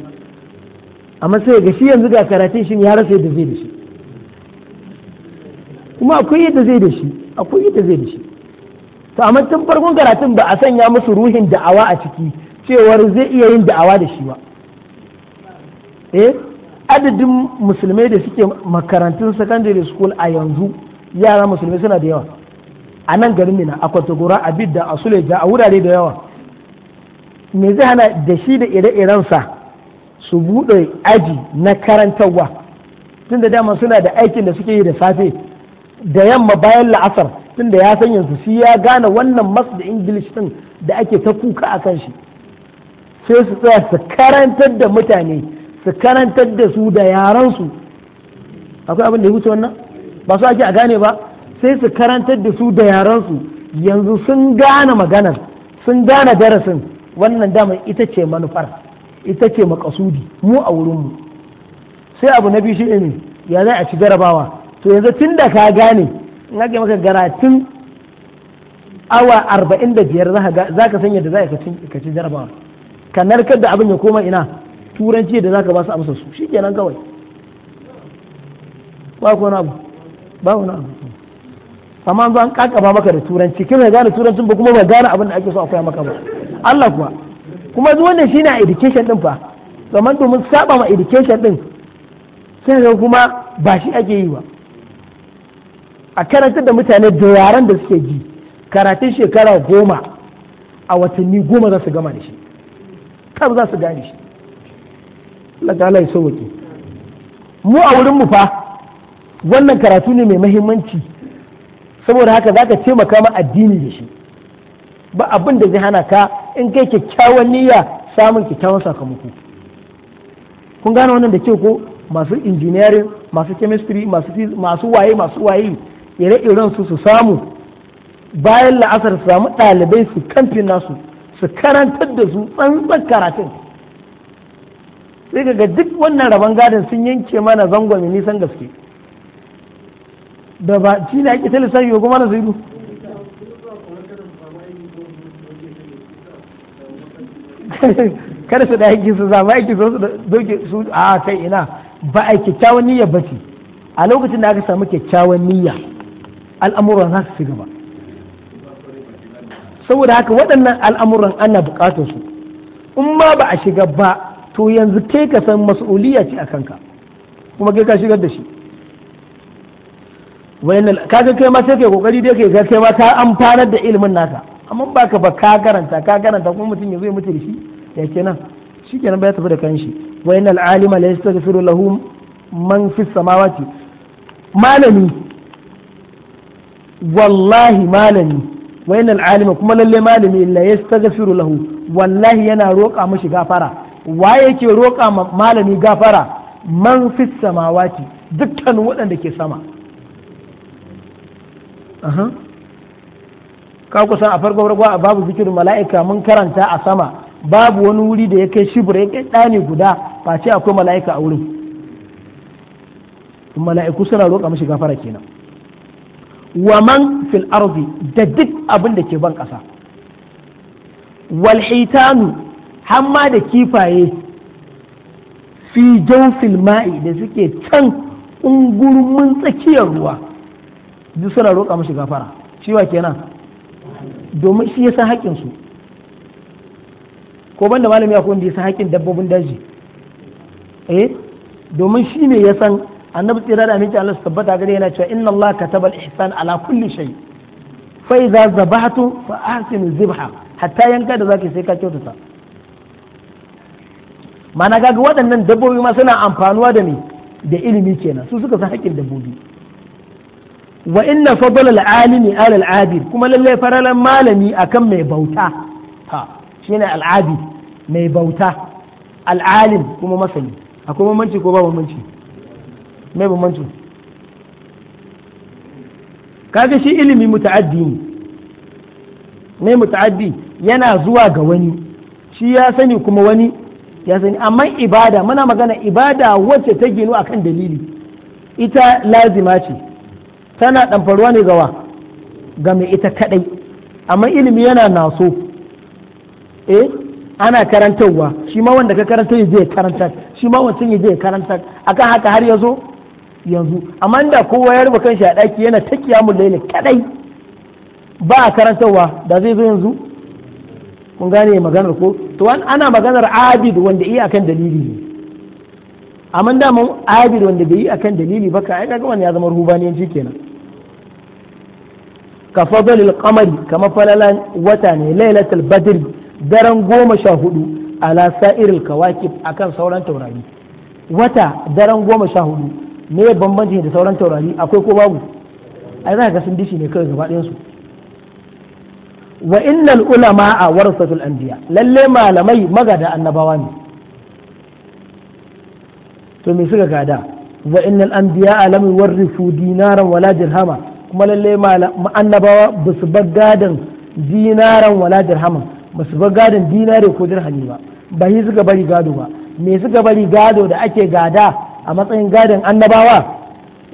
amma sai ga shi yanzu ga karatun shi ya rasa yadda zai da shi kuma akwai yadda zai da shi akwai yadda zai da shi to amma tun farkon karatun ba a sanya musu ruhin da'awa a ciki cewar zai iya yin da'awa da shi ba eh adadin musulmai da suke makarantun secondary school a yanzu yara musulmai suna da yawa a nan garin mina a kwantagora a bidda a suleja a wurare da yawa me zai hana da shi da ire-irensa su buɗe aji na karantarwa tun da dama suna da aikin da suke yi da safe da yamma bayan la'asar tun da ya san yanzu shi ya gane wannan masu da ingilish din da ake ta kuka a kan shi sai su tsaya su karantar da mutane su karantar da su da yaransu akwai abin da ya wuce wannan ba su ake a gane ba sai su karantar da su da yaransu yanzu sun gane maganar sun gane darasin wannan dama ita ce manufar ita ce makasudi mu a wurin mu sai abu na biyu shi ne ya za a ci garabawa to yanzu tun da ka gane in ake maka garatun awa arba'in da biyar za ka sanya da za ka ci jarabawa ka narkar da abin ya koma ina turanci da za ka ba su amsa su shi kenan kawai ba ko na abu ba wani abu amma an zo an kakaba maka da turanci kin ga gane turancin ba kuma ba gane abin da ake so a koya maka ba Allah kuwa kuma zuwa wannan shine a education din fa zaman domin saba ma education din sai ga kuma ba shi ake yi ba a karanta da mutane da yaran da suke ji karatun shekara goma a watanni goma za su gama da shi kar za su gane shi Allah ta ya sauke mu a wurin mu fa wannan karatu ne mai muhimmanci saboda haka za ka taimaka ma addini da shi ba abin da zai hana ka in kai kyakkyawan niyya samun kyakkyawan sakamako kun gane wannan da ke ko masu engineering masu chemistry masu waye masu waye ire-iren su su samu bayan la'asar su samu ɗalibai su kamfin nasu su karantar da su tsantsan karatun sai ga duk wannan rabon gadon sun yanke mana zangon nisan gaske da ba shi ne ake ta lissafi kuma na zaidu kada su da aiki su zama aiki su doke su a kai ina ba a kyakkyawan niyya ba ce a lokacin da aka samu kyakkyawan niyya al'amuran za su ci gaba saboda haka waɗannan al'amuran ana buƙatar su in ma ba a shiga ba to yanzu kai ka san mas'uliyya ce a kanka kuma kai ka shigar da shi wayannan kaga kai ma sai kai kokari dai kai kai ma ta amfanar da ilimin nata amma ba ka ba ka karanta ka karanta kuma mutum ya zo ya mutu da shi ya kenan shi kenan ba ya tafi da kanshi wayannan alima la yastaghfiru lahu man fi samawati malami wallahi malami wayannan alima kuma lalle malami la yastaghfiru lahu wallahi yana roƙa mashi gafara waye yake roƙa malami gafara man fi samawati dukkan waɗanda ke sama ka kusan a farko farko babu zikirin mala'ika mun karanta a sama babu wani wuri da ya kai shibra ya kai ɗani guda face akwai mala'ika a wurin mala'iku suna roƙa mashi gafara kenan wa man fil ardi da duk abin da ke ban ƙasa wal hitanu hamma da kifaye fi jawfil ma'i da suke can ungurumin tsakiyar ruwa duk suna roƙa mashi gafara shi kenan domin shi ya san haƙƙin su ko banda malami akwai wanda ya san haƙƙin dabbobin daji eh domin shi ne ya san annabi tsira da aminci Allah su tabbata gare yana cewa inna Allah katabal ihsan ala kulli shay fa idza zabahtu fa ahsinu zibha hatta yanka da zaki sai ka kyautata mana gaga waɗannan dabbobi ma suna amfanuwa da ni da ilimi kenan su suka san haƙƙin dabbobi wa inna fadala al-alimi ala al-abid kuma lalle faralan malami akan mai bauta ha shine al-abid mai bauta al-alim kuma masani akwai bambanci ko ba bambanci mai bambanci kaga shi ilimi muta'addi ne mai muta'addi yana zuwa ga wani shi ya sani kuma wani ya sani amma ibada muna magana ibada wacce ta ginu akan dalili ita lazima ce tana ɗanfarwa ne gawa ga mai ita kaɗai amma ilimi yana naso eh ana karantarwa shi ma wanda ka karanta ya je ya karanta shi ma wancan ya je ya karanta akan haka har ya zo yanzu amma da kowa ya rubuta kanshi a ɗaki yana ta kiyamun laila kaɗai ba a karantarwa da zai zo yanzu kun gane maganar ko to ana maganar abid wanda iya akan dalili ne amma da mun abid wanda bai yi akan dalili ba ka ai kaga wani ya zama ruhubaniyanci kenan ka fadlil kamari kama falalan wata ne lailatul badr daren goma sha hudu ala sa'iril kawakib akan sauran taurari wata daren goma sha hudu ne bambanci da sauran taurari akwai ko babu ai za ka sun dishi ne kawai gaba su wa innal ulama a warasatul anbiya lalle malamai magada annabawa ne to me suka gada wa innal anbiya lam yuwarrisu dinaran wala dirhama kuma lalle annabawa ba su bar gadon dinaran wala dirhaman ba su bar gadon dinare ko dirhami ba ba yi suka bari gado ba me suka bari gado da ake gada a matsayin gadon annabawa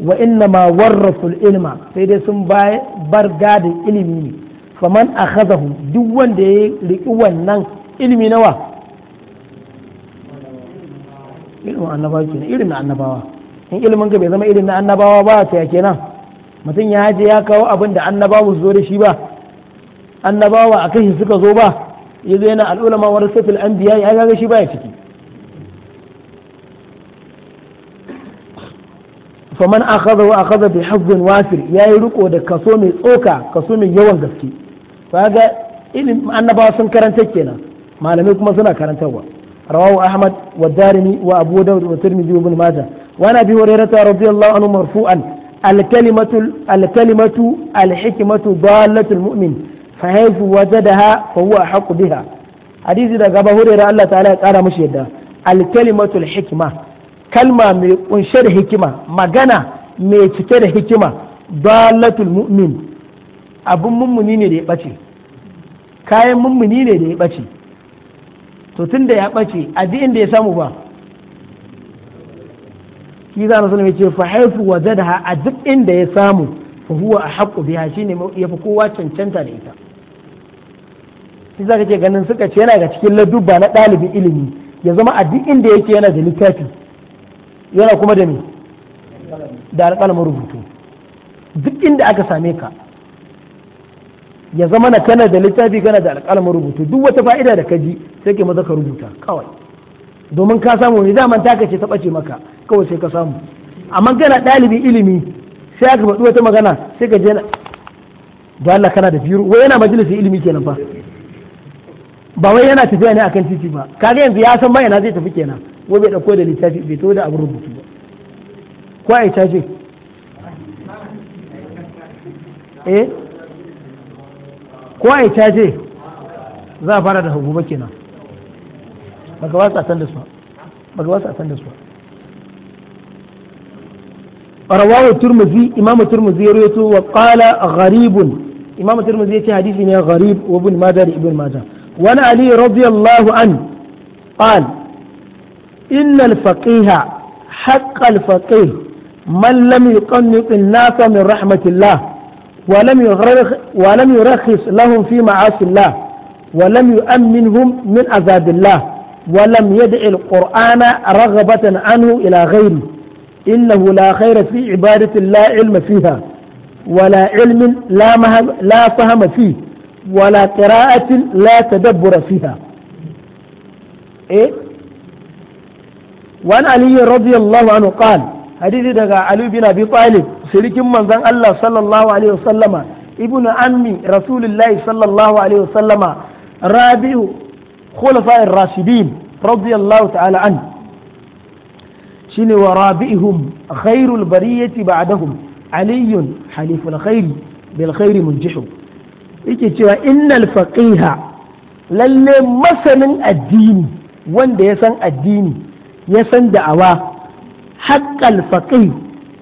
wa inna ma warrasul ilma sai dai sun bar gadon ilimi ne faman akhadahu duk wanda ya riki wannan ilimi nawa ilimin annabawa kenan ilimin annabawa in ilimin ka bai zama ilimin annabawa ba ta ya kenan mutum ya je ya kawo abin da annabawa zo da shi ba annabawa a kashi suka zo ba ya zo yana al'ulama wa an biya ya ga shi baya ciki faman akhadha wa akhadha bi hazzin wasir yayi riko da kaso mai tsoka kaso mai yawan gaske kaga ilin annabawa sun karanta kenan malamai kuma suna karantarwa rawahu ahmad wa darimi wa abu dawud wa tirmidhi ibn majah wa nabi hurairah radiyallahu anhu marfu'an alkalimatu alhikimatu dalatul mu'min fa haifu wajadaha fa huwa haqu biha hadisi daga Abu Hurairah Allah ta'ala ya kara mushi yadda alkalimatu alhikma kalma mai kunshe da hikima magana mai cike da hikima dalatul mu'min abun mummuni ne da ya bace kayan mummuni ne da ya bace to tunda ya bace a inda ya samu ba shi za musulmi ya ce fa haifu ha a duk inda ya samu fa a haƙƙu biya shi ne ya fi kowa cancanta da ita shi za ka ce ganin suka ce yana ga cikin ladubba na ɗalibin ilimi ya zama a duk inda yake yana da littafi yana kuma da me da alƙalamin rubutu duk inda aka same ka ya zama na kana da littafi kana da alƙalamin rubutu duk wata fa'ida da ka ji sai ke maza ka rubuta kawai domin ka samu ne daman taka ce ta ɓace maka kawai sai ka samu amma gana ɗalibi ilimi sai aka faɗi wata magana sai ka je da Allah kana da biyu wai yana majalisar ilimi kenan fa ba wai yana tafiya ne akan titi ba kaga yanzu ya san ma ina zai tafi kenan wai bai dauko da littafi bai to da abin rubutu ba ko ai eh ko ai
za
a fara da hukuma ba kenan ba ga wasa san da su ba ga رواه الترمذي امام الترمذي رويته وقال غريب امام الترمذي يتي حديثنا غريب وابن ماجه ابن ماجه وعن علي رضي الله عنه قال ان الفقيه حق الفقيه من لم يقنط الناس من رحمه الله ولم يرخ ولم يرخص لهم في معاصي الله ولم يؤمنهم من عذاب الله ولم يدع القرآن رغبة عنه إلى غيره إنه لا خير في عبادة لا علم فيها ولا علم لا, مهم لا فهم فيه ولا قراءة لا تدبر فيها إيه؟ وعن علي رضي الله عنه قال حديث دقاء علي بن أبي طالب شريك من ذن الله صلى الله عليه وسلم ابن عمي رسول الله صلى الله عليه وسلم رابع khulafa'ir rashidin radiyallahu ta'ala an shine wa rabi'ihum khairul bariyati ba'dahum aliyun haliful khairi bil khairi munjihu yake cewa innal faƙiha lallai masanin addini wanda ya san addini ya san da'awa haqqal faqih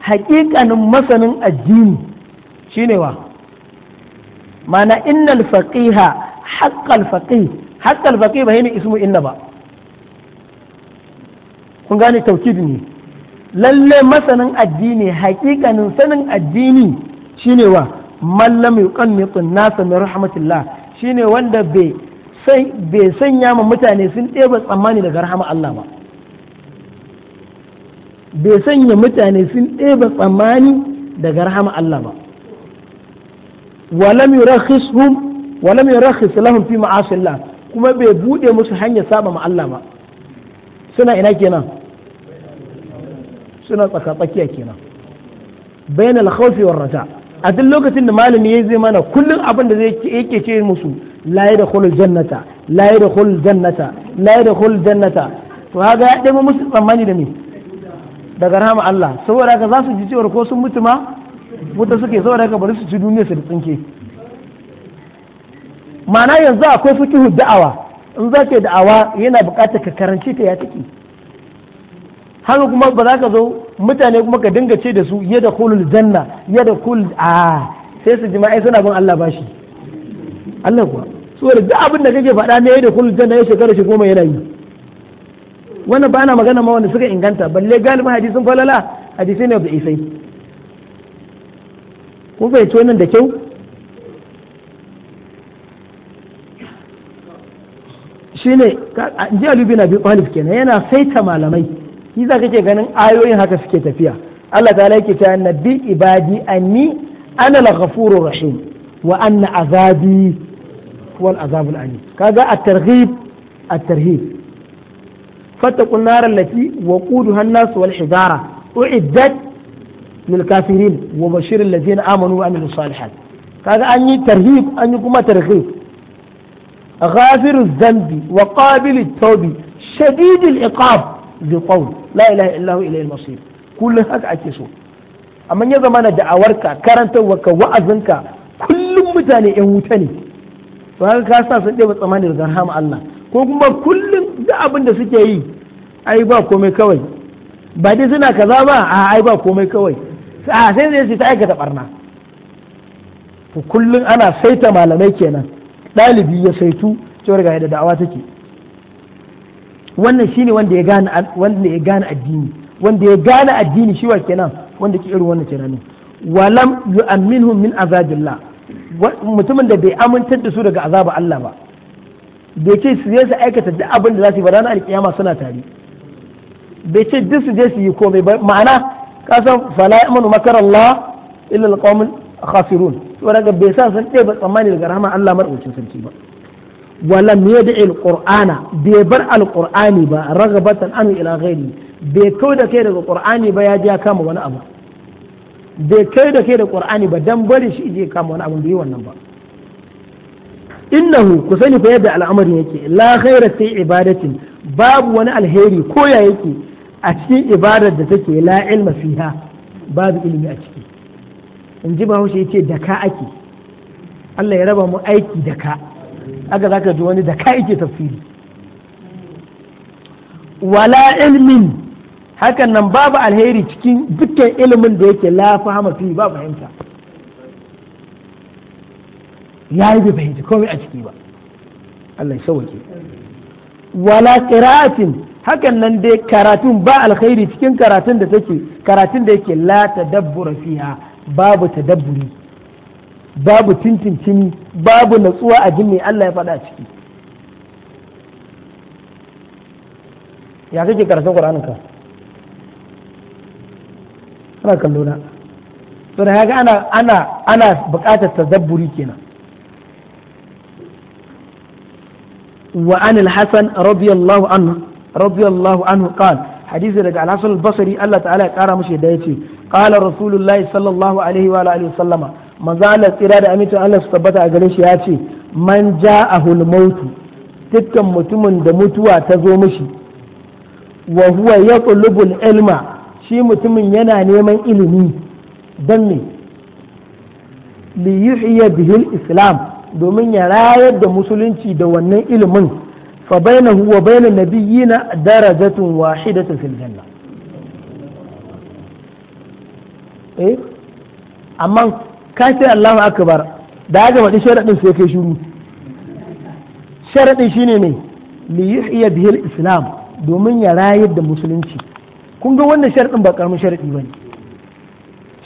haƙiƙanin masanin addini shine wa mana innal faqiha haqqal faqih hatta al-faqih ba yana ismu inna ba kun gane taukid ne lalle masanin addini hakikanin sanin addini shine wa man lam yuqannitu an-nasa min rahmatillah shine wanda bai sai bai sanya ma mutane sun ɗeba tsammani daga rahama Allah ba bai sanya mutane sun ɗeba tsammani daga rahama Allah ba walam yurakhishum walam yurakhis lahum fi ma'asillah kuma bai buɗe musu hanyar saba ma Allah ba suna ina kenan suna tsakatsakiya kenan bayan alkhawfi war raja a duk lokacin da malami yayi zai mana kullum abin da zai yake ce musu la yadkhulul jannata la yadkhulul jannata la yadkhulul jannata to haga ya dai musu tsammani da me daga rahama Allah saboda haka za su ji cewa ko sun mutu ma wuta suke saboda haka bari su ci duniya su tsinke ma'ana yanzu akwai fikihu da'awa in za ka da'awa yana bukatar ka karanci ta ya take haka kuma ba za ka zo mutane kuma ka dinga ce da su ya da kulul janna ya da kul a sai su jima'i suna bin Allah bashi Allah kuwa saboda duk abin da kake faɗa ne ya da kulul janna ya shekara shi goma yana yi wannan ba na magana ma wanda suka inganta balle galibin hadisin falala hadisi ne da isai kun fahimci wannan da kyau shine ji Ali bin Abi Talib kenan yana saita malamai shi za kake ganin ayoyin haka suke tafiya Allah ta'ala yake cewa nabi ibadi anni ana al-ghafurur rahim wa anna azabi wal azabul alim kaga at-targhib at-tarhib fattaqun nar allati waquduha an-nas wal hijara uiddat lil kafirin wa bashiril amanu wa amilus salihat kaga an yi tarhib an yi kuma tarhib. غافر الذنب وقابل التوب شديد العقاب بقول لا اله الا هو اليه المصير كل هذا ake so amma ya zama na da'awarka karantarwarka wa'azinka kullum mutane yan wuta ne to haka ka sa sun ɗeba tsamani daga rahama Allah ko kuma kullum da abin da suke yi ai ba komai kawai ba dai suna kaza ba a ai ba komai kawai a sai ta aikata barna kullum ana saita malamai kenan ɗalibi ya saitu cewar ga yadda da'awa take wannan shine wanda gane wanda ya gane addini wanda ya gane addini shi wa kenan wanda ke irin wannan tunanin walam yu'minhum min azabillah mutumin da bai amintar da su daga azaba Allah ba bai ce su yi su aikata duk abin da za su yi ba ranar alkiyama suna tare bai ce duk su je su yi komai ba ma'ana ka san fala la makarallah illa khasirun saboda daga bai sa san ba tsammani daga rahama Allah madaukakin sarki ba wala me yad'i alqur'ana bai bar alqur'ani ba ragabatan an ila ghairi bai kai da kai daga qur'ani ba ya ja kama wani abu bai kai da kai da qur'ani ba dan bari shi je kama wani abu bai wannan ba innahu ku sani fa yadda al'amarin yake la khaira fi ibadatin babu wani alheri ko ya yake a cikin ibadar da take la ilma fiha babu ilimi a ciki in ji bahaushe ya ce daka ake Allah ya raba mu aiki daka ka aka za ka ji wani daka ake tafsiri wala ilmin hakan nan babu alheri cikin dukkan ilimin da yake la fahama fi ba fahimta ya yi bai fahimta komai a ciki ba Allah ya sauke wala qira'atin hakan nan dai karatun ba alkhairi cikin karatun da take karatun da yake la tadabbura fiha babu tadabburi babu tintintini babu natsuwa a jin mai Allah ya faɗa ciki ya kake karshen Qur'anin ka ana kallo na to da haka ana ana ana buƙatar tadabburi kenan وعن الحسن رضي الله عنه رضي الله عنه قال حديث رجع الحسن البصري الله تعالى قال مش دايتي qala rasulullahi sallallahu alaihi wa alihi sallama manzo Allah tsira da amincin Allah su tabbata a gare shi ya ce man ja'ahul mautu dukkan mutumin da mutuwa ta zo mishi wa huwa ilma shi mutumin yana neman ilimi dan me li yuhyiya bihi islam domin ya rayar da musulunci da wannan ilimin fa bainahu na bainan nabiyyina darajatun wahidatun fil janna Eh? amma ka ce Allahu akbar da aka faɗi sharaɗin sai kai shiru sharaɗin shine ne li yuhya bihil islam domin ya rayar da musulunci kun ga wannan sharaɗin ba karamin sharaɗi bane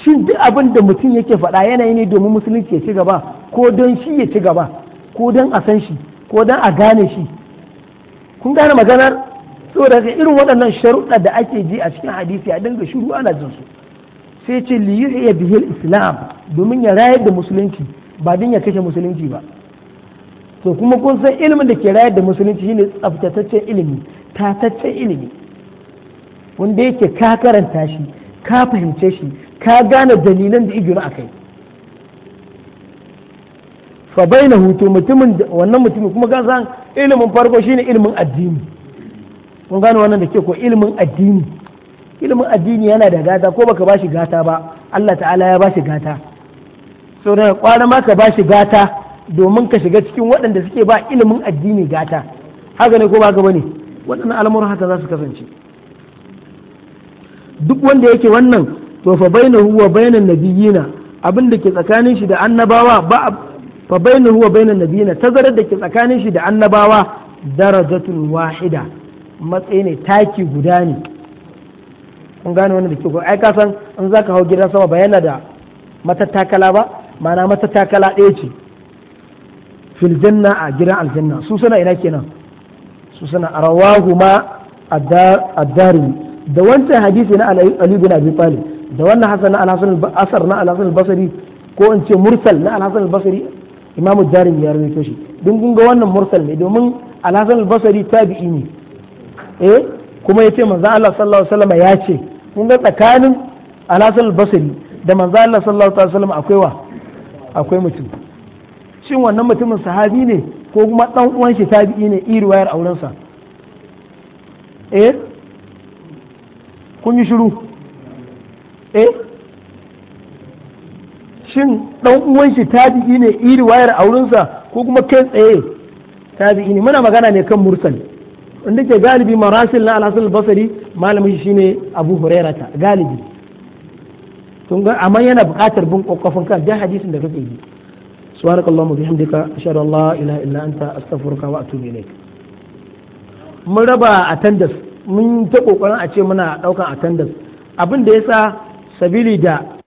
shin duk abin da mutum yake faɗa yanayi ne domin musulunci ya ci gaba ko don shi ya ci gaba ko don a san shi ko don a gane shi kun gane maganar saboda irin waɗannan sharuɗa da ake ji a cikin hadisi a dinga shuru ana jinsu su sai ce li ya bihil islam domin ya rayar da musulunci ba din ya kashe musulunci ba to kuma kun san ilimin da ke rayar da musulunci shine tsaftataccen ilimi tataccen ilimi wanda yake ka karanta shi ka fahimce shi ka gane dalilan da ijiru akai fa bainahu to mutumin wannan mutumin kuma ga san ilimin farko shine ilimin addini kun gane wannan da ke ko ilimin addini ilimin addini yana da gata ko baka bashi gata ba Allah ta'ala ya bashi gata so da kwara ma ka bashi gata domin ka shiga cikin waɗanda suke ba ilimin addini gata haka ne ko ba gaba ne waɗannan al'amuran haka za su kasance duk wanda yake wannan to fa bainahu wa bainan nabiyina abin da ke tsakanin shi da annabawa ba fa bainahu wa bainan nabiyina tazarar da ke tsakanin shi da annabawa darajatun wahida matsayi ne taki guda ne kun gane wanda da ke ai ka san in zaka hau gidan sama ba yana da matattakala ba ma'ana matattakala ɗaya ce fil janna a gidan aljanna su suna ina kenan su suna rawahu ma ad da wancan hadisi na Ali bin Abi Talib da wannan Hasan na Alhassan asar na al basri ko in ce mursal na Alhassan al-Basri Imam darimi ya rawaito shi dun kun ga wannan mursal ne domin Alhassan al-Basri tabi'i ne eh kuma yace manzo Allah sallallahu alaihi wasallam ya ce kun ga tsakanin alasal basari da manzo Allah sallallahu alaihi wasallam akwai wa akwai mutum shin wannan mutumin sahabi ne ko kuma dan uwan shi tabi'i ne iri wayar auren sa eh kun yi shiru eh shin dan uwan shi tabi'i ne iri wayar auren sa ko kuma kai tsaye tabi'i ne muna magana ne kan mursali wanda ke galibi marasil na alhassan basari malamin shi shine abu ta galibi kun ga amma yana buƙatar bin kokofin kan da hadisin da kake yi subhanakallahumma bihamdika ashhadu an la ilaha illa anta astaghfiruka wa atubu ilaik mun raba attendance mun ta kokarin a ce muna daukan attendance abin da yasa sabili da